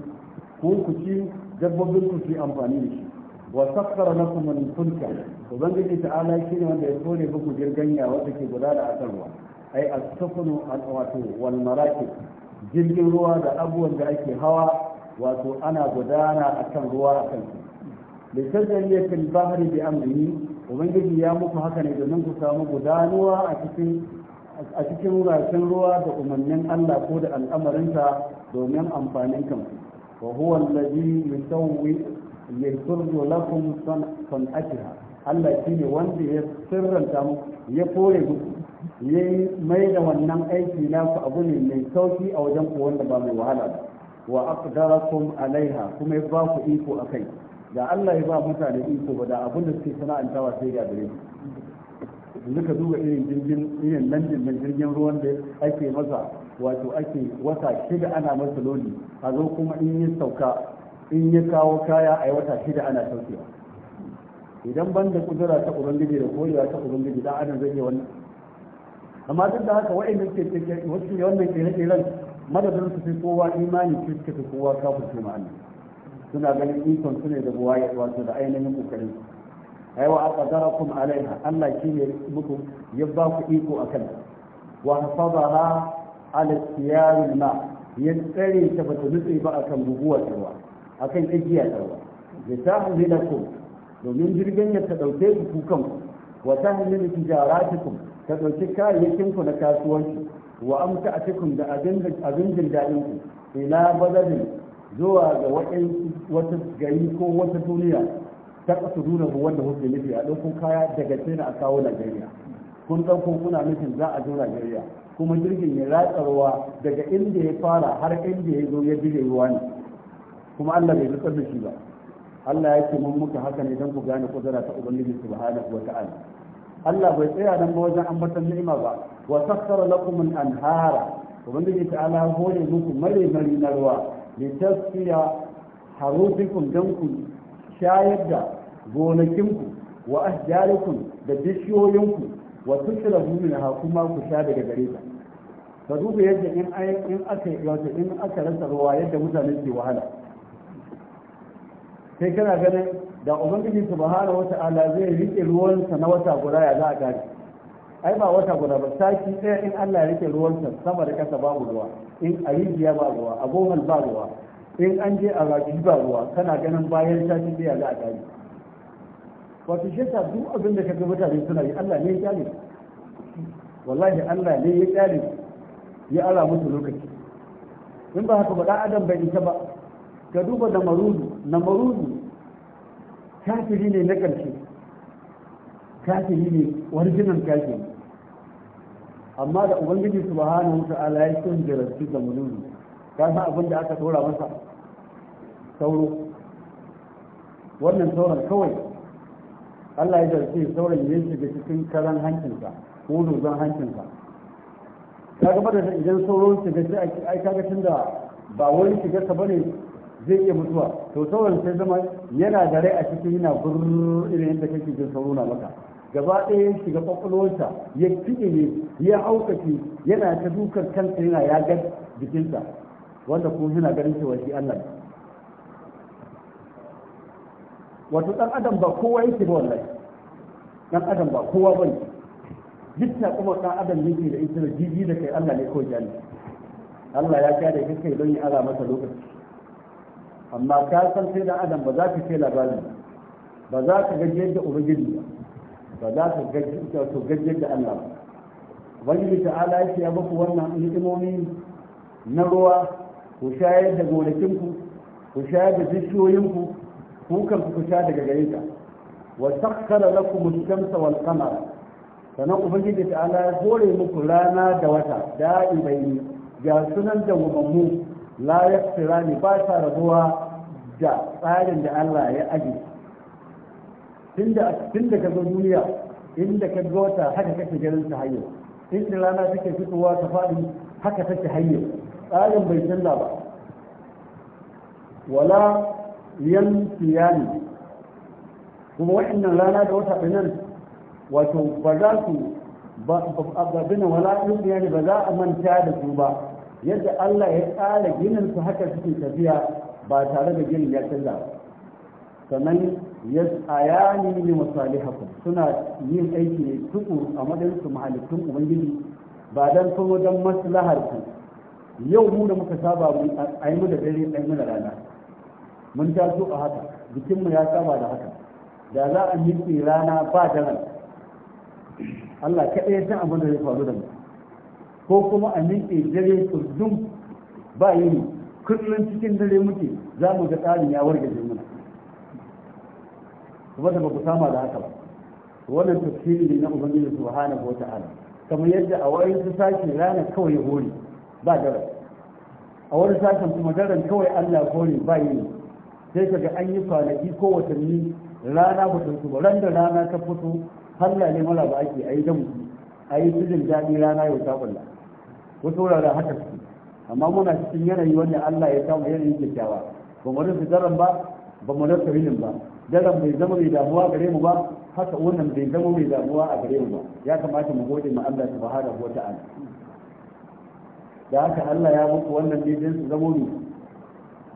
ku ku ci dabbobin ku ci amfani da shi wa sakkara lakum min fulka ubangiji ta'ala ne wanda ya kore muku jirgin yawa ke gudana a kan ruwa ai as-safunu wato wal marakib jirgin ruwa da abubuwan da ake hawa wato ana gudana akan ruwa a kan su da tajariyatul bahri bi amrihi ubangiji ya muku haka ne domin ku samu gudanuwa a cikin a rashin ruwa da umarnin Allah ko da al'amarinsa domin amfanin kanku wa huwa allazi yusawwi yusawwi lakum sanatiha Allah shine wanda ya sirranta mu ya kore mu. ya mai da wannan aiki naku abu ne mai sauki a wajen ku wanda ba mai wahala ba wa aqdarakum alaiha kuma ya ba ku iko akai da Allah ya ba mutane iko ba da abin da suke sana'antawa sai ga gare yanzu duka duba irin jirgin irin landin da jirgin ruwan da ake masa wato ake wata shida ana masa lodi a zo kuma in yi sauka in ya kawo kaya a wata shida ana saukewa idan ban da kudura ta ubangiji da koyewa ta ubangiji da adam zai yi wannan amma duk da haka da ke cikin wasu wannan kire-kiren madadin su sai kowa imani cikin kowa kafin su ma'ana suna ganin ikon su ne da buwaye wato da ainihin kokarin ai wa aqdarakum alaiha Allah shine muku ya ba ku iko akan wa hafazaha ala siyar ma ya tsare ta bata nutse ba akan buguwa ta ruwa akan igiya ta ruwa ya samu domin jirgin ya ta dauke ku kanku wa tahmilu tijaratikum ta dauki kayayyakin ku na kasuwanci wa amsa a cikin da abin jin daɗin ku ila baladin zuwa ga waɗansu wata gari ko wata duniya ta kasu nuna wanda kuke nufi a ɗaukun kaya daga china a kawo najeriya kun ɗauko kuna nufin za a zo najeriya kuma jirgin ya ratsa ruwa daga inda ya fara har inda ya zo ya jire ruwa ne kuma allah bai da shi ba allah ya ce mun muka haka ne don ku gane kudura ta ubangiji subhanahu wa ta'ala allah bai tsaya nan ba wajen ambatan ni'ima ba wa sakkara lakum an anhara ubangiji ta'ala hore muku mare mari na ruwa litaskiya harufikun don ku shayar da gonakinku wa ahjarikun da bishiyoyinku wa tushrabu minha kuma ku sha daga gare ta ka duba yadda in in aka yi in aka rasa ruwa yadda mutane ke wahala sai kana ganin da ubangiji wata ala zai rike ruwansa na wata guda ya za a gari ai ba wata guda ba saki ɗaya in Allah ya rike ruwansa sama da kasa babu ruwa in a rijiya ba ruwa a gomal ba ruwa in an je a rafi ba ruwa kana ganin bayan sati ɗaya za a gari wato shi yasa duk abin da kaga mutane suna yi Allah ne ya kyale wallahi Allah ne ya kyale ya ara musu lokaci in ba haka ba da adam bai ita ba ka duba da marudu na marudu kafiri ne na ƙarshe kafiri ne warjinan kafiri amma da ubangiji subhanahu wa ta'ala ya kin su da mululu ka san abin da aka dora masa sauro wannan sauran kawai Allah ya zarce sauran ya shiga cikin karan hankinsa ko dozon hankinsa ka gaba da idan sauro shiga shi ai kaga da ba wani shiga ba ne zai iya mutuwa to sauran sai zama yana da rai a cikin yana gurur irin yadda kake jin sauro na maka gaba ɗaya shiga kwakwalwarsa ya kiɗe ne ya aukaci yana ta dukar kansa yana yagar jikinsa wanda kuma yana ganin cewa shi Allah ne wato dan adam ba kowa yake ba wallahi dan adam ba kowa ba ne, dukkan kuma dan adam yake da ita da jiji da kai Allah ne ko jani Allah ya kada ka kai don ya ara masa lokaci amma ka san sai dan adam ba za ka kai labarin ba za ka gaji da ubangiji ba ba za ka gaji to gaji da Allah ba ubangiji ta'ala yake ya baku wannan ni'imomi na ruwa ku shayar da gonakinku ku shayar da bishiyoyinku ku kan ku fita daga gare ta wa sakkara lakum ash-shamsa wal qamara sannan ubangiji ta'ala ya hore muku rana da wata da'ibaini ga sunan da wamammu la yaqtirani ba ta rabuwa da tsarin da Allah ya aje tunda tunda ka zo duniya inda ka ga wata haka kake ganin ta hayyo inda rana take fitowa ta faɗi haka take hayyo tsarin bai canza ba wala siyani kuma wa'annan rana da wata binan wato ba za su abin wala siyani ba za a manta da su ba yadda Allah ya tsara ginin su haka suke tafiya ba tare da ginin ya canza sannan ya tsayani ne masalihakum suna yin aiki ne tuku a madadin su ubangiji ba dan kuma don maslahar ku yau mu da muka saba mu yi mu da dare yi mu da rana mun taso a haka jikinmu ya saba da haka da za a miƙe rana ba daren Allah kaɗai ya san abin da zai faru da mu ko kuma a miƙe dare kullum ba ne, kullum cikin dare muke za mu ga tsarin ya da mana kuma da ba ku sama da haka ba wannan tafsiri ne na ubangiji subhanahu wata'ala kamar yadda a wayan su sashi rana kawai hori ba daren a wani sashen kuma daren kawai Allah hori ba ne. sai ka ga an yi kwanaki ko watanni rana ba ta ba ran da rana ta fito halla ne mala ba ake ayi damu yi tudun daɗi rana yau ta kulla wasu wuraren haka su, amma muna cikin yanayi wanda Allah ya samu yanayi kyakkyawa ba mu rufe daren ba ba mu rufe rinin ba daren bai zama mai damuwa gare mu ba haka wannan bai zama mai damuwa a gare mu ba ya kamata mu gode ma Allah subhanahu ta'ala da haka Allah ya muku wannan ne su zama mu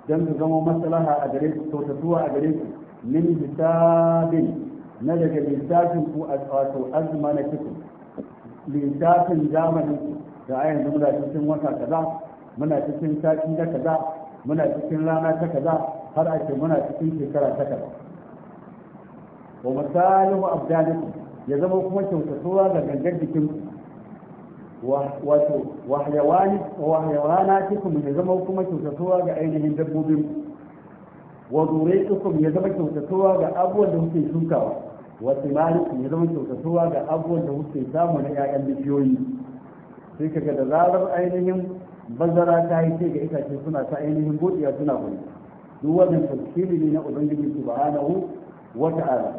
don su zama maslaha a gare ku kyautatuwa a gare su min hisabin na daga lissafin ku a wato azuma na kiku lissafin zamanin da a yanzu muna cikin wata kaza muna cikin sati da kaza muna cikin rana ta kaza har a ce muna cikin shekara ta kaza wa misalihu abdalikum ya zama kuma kyautatuwa ga gangan jikinku wato wahyawani wahyawana tikum ya zama kuma kyautatuwa ga ainihin dabbobin wa zuraikum ya zama kyautatuwa ga abubuwan da kuke shukawa wa timarikum ya zama kyautatuwa ga abubuwan da kuke samu na ƴaƴan bishiyoyi sai kaga da zarar ainihin bazara ta yi ce ga itace suna ta ainihin godiya suna gudu duk wannan tafsiri ne na ubangiji subhanahu wa ta'ala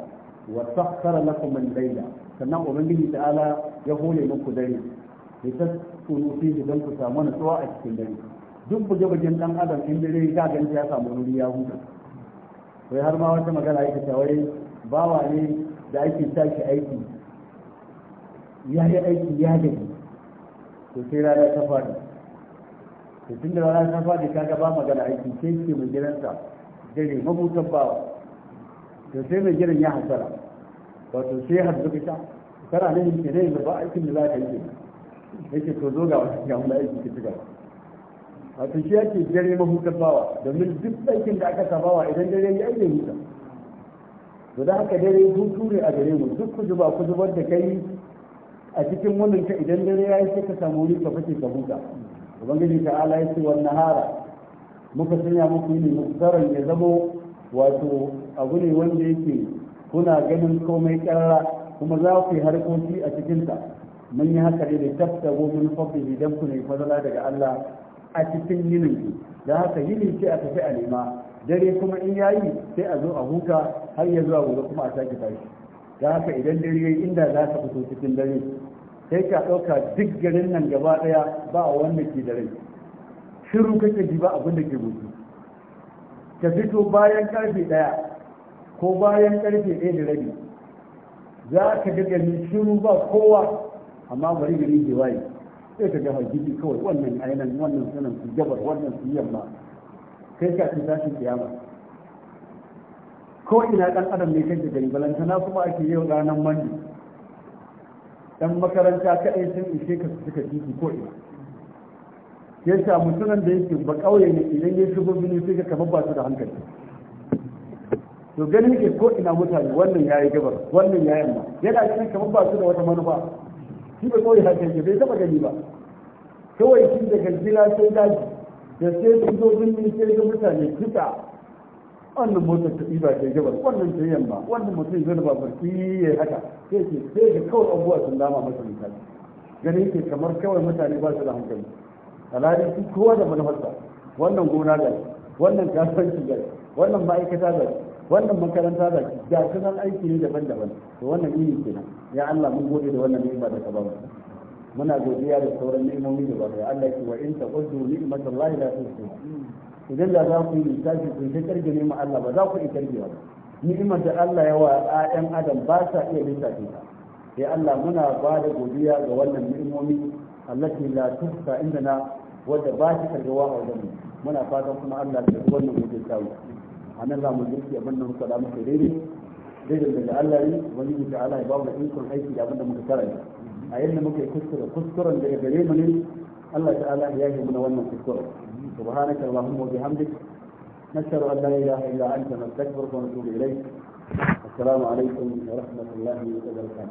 wa sakhkhara lakum al-layla sannan ubangiji ta'ala ya hule muku dare ya ta tsoro fi shi don ku samu nutsuwa a cikin dare duk buge-bugen ɗan adam in dare ya ganta ya samu wuri ya huta wai har ma wata magana yake ta wai bawa ne da ake tashi aiki ya yi aiki ya gani to sai rana ta faɗi to tun da rana ta faɗi kaga ba magana aiki sai ke mai gidansa dare mabutan bawa to sai mai gidan ya hasara wato sai har zuka ta kana ne ke ne ba aikin da za ka yi yake to zo ga ga wani aiki ki gaba wato shi yake dare mahutar bawa domin duk aikin da aka wa idan dare ya yi huta to da haka dare hutu ne a gare mu duk ku zuba ku zubar da kai a cikin wannan ka idan dare ya yi sai ka samu wuri ka fice ka huta ubangiji ta ala ya ce wa nahara muka sanya muku ni musaran ya zamo wato abu ne wanda yake kuna ganin komai kyarra kuma za ku yi harkoki a cikinta. mun yi haka ne da taftago min fadlihi dan ku ne fadala daga Allah a cikin yinin ku da haka yini ce a tafi a nema dare kuma in yayi sai a zo a huta har ya zuwa gobe kuma a sake tashi da haka idan dare yi inda za ka fito cikin dare sai ka ɗauka duk garin nan gaba ɗaya ba wanda ke da rai shiru kake ji ba abin da ke gobe ka fito bayan karfe ɗaya ko bayan karfe ɗaya da rabi za ka ga gani shiru ba kowa amma bari gari da waye sai ka gama gidi kawai wannan ainihin wannan sunan su gabar wannan su yamma kai ka ci tashin kiyama ko ina dan adam ne kake gari balantana kuma ake yau ranar mandi dan makaranta kaɗai sun ishe ka suka jiki ko ina ya sa mutumin da yake ba kauye ne idan ya shigo bini sai ka kamar ba su da hankali to ganin ke ko ina mutane wannan yayi gabar wannan ya yamma yana cikin kamar ba su da wata manufa shi ba kawai haka bai taba gani ba kawai shi da gila sai daji da sai sun zo birni sai ga mutane kusa wannan motar ta ɗiba ta gabas wannan ta yamma wannan mutum zai ba barki ya haka sai ce sai ga kawai abubuwa sun dama masa mutane ganin ke kamar kawai mutane ba su da hankali alhali su kowa da manufarsa wannan gona da wannan kasuwanci da wannan ma'aikata da wannan makaranta da ga kasan aiki ne daban-daban to wannan iri kenan ya Allah mun gode da wannan ni'ima da ka ba muna godiya da sauran ni'imomi da ba mu Allah ki wa in taqaddu ni'matallahi la tuhsuha idan da za ku yi tashi ku ta ne mu Allah ba za ku yi karge ba ni'imar da Allah ya wa ƴaƴan adam ba sa iya lissafi ta ya Allah muna ba da godiya ga wannan ni'imomi allati la inda na wadda ba ta kargewa a wajen muna fatan kuma Allah ya wannan godiya ta a nan za girki abin da muka da muka daidai daidai daga Allah ne wani mutu Allah ya ba mu ikon aiki da abin da muka a yadda muka yi kuskure kuskuren daga gare mu ne Allah ta'ala ya yi mana wannan kuskuren subhanaka allahumma wa bihamdik نشهد ان لا اله الا انت نستغفرك ونتوب اليك السلام عليكم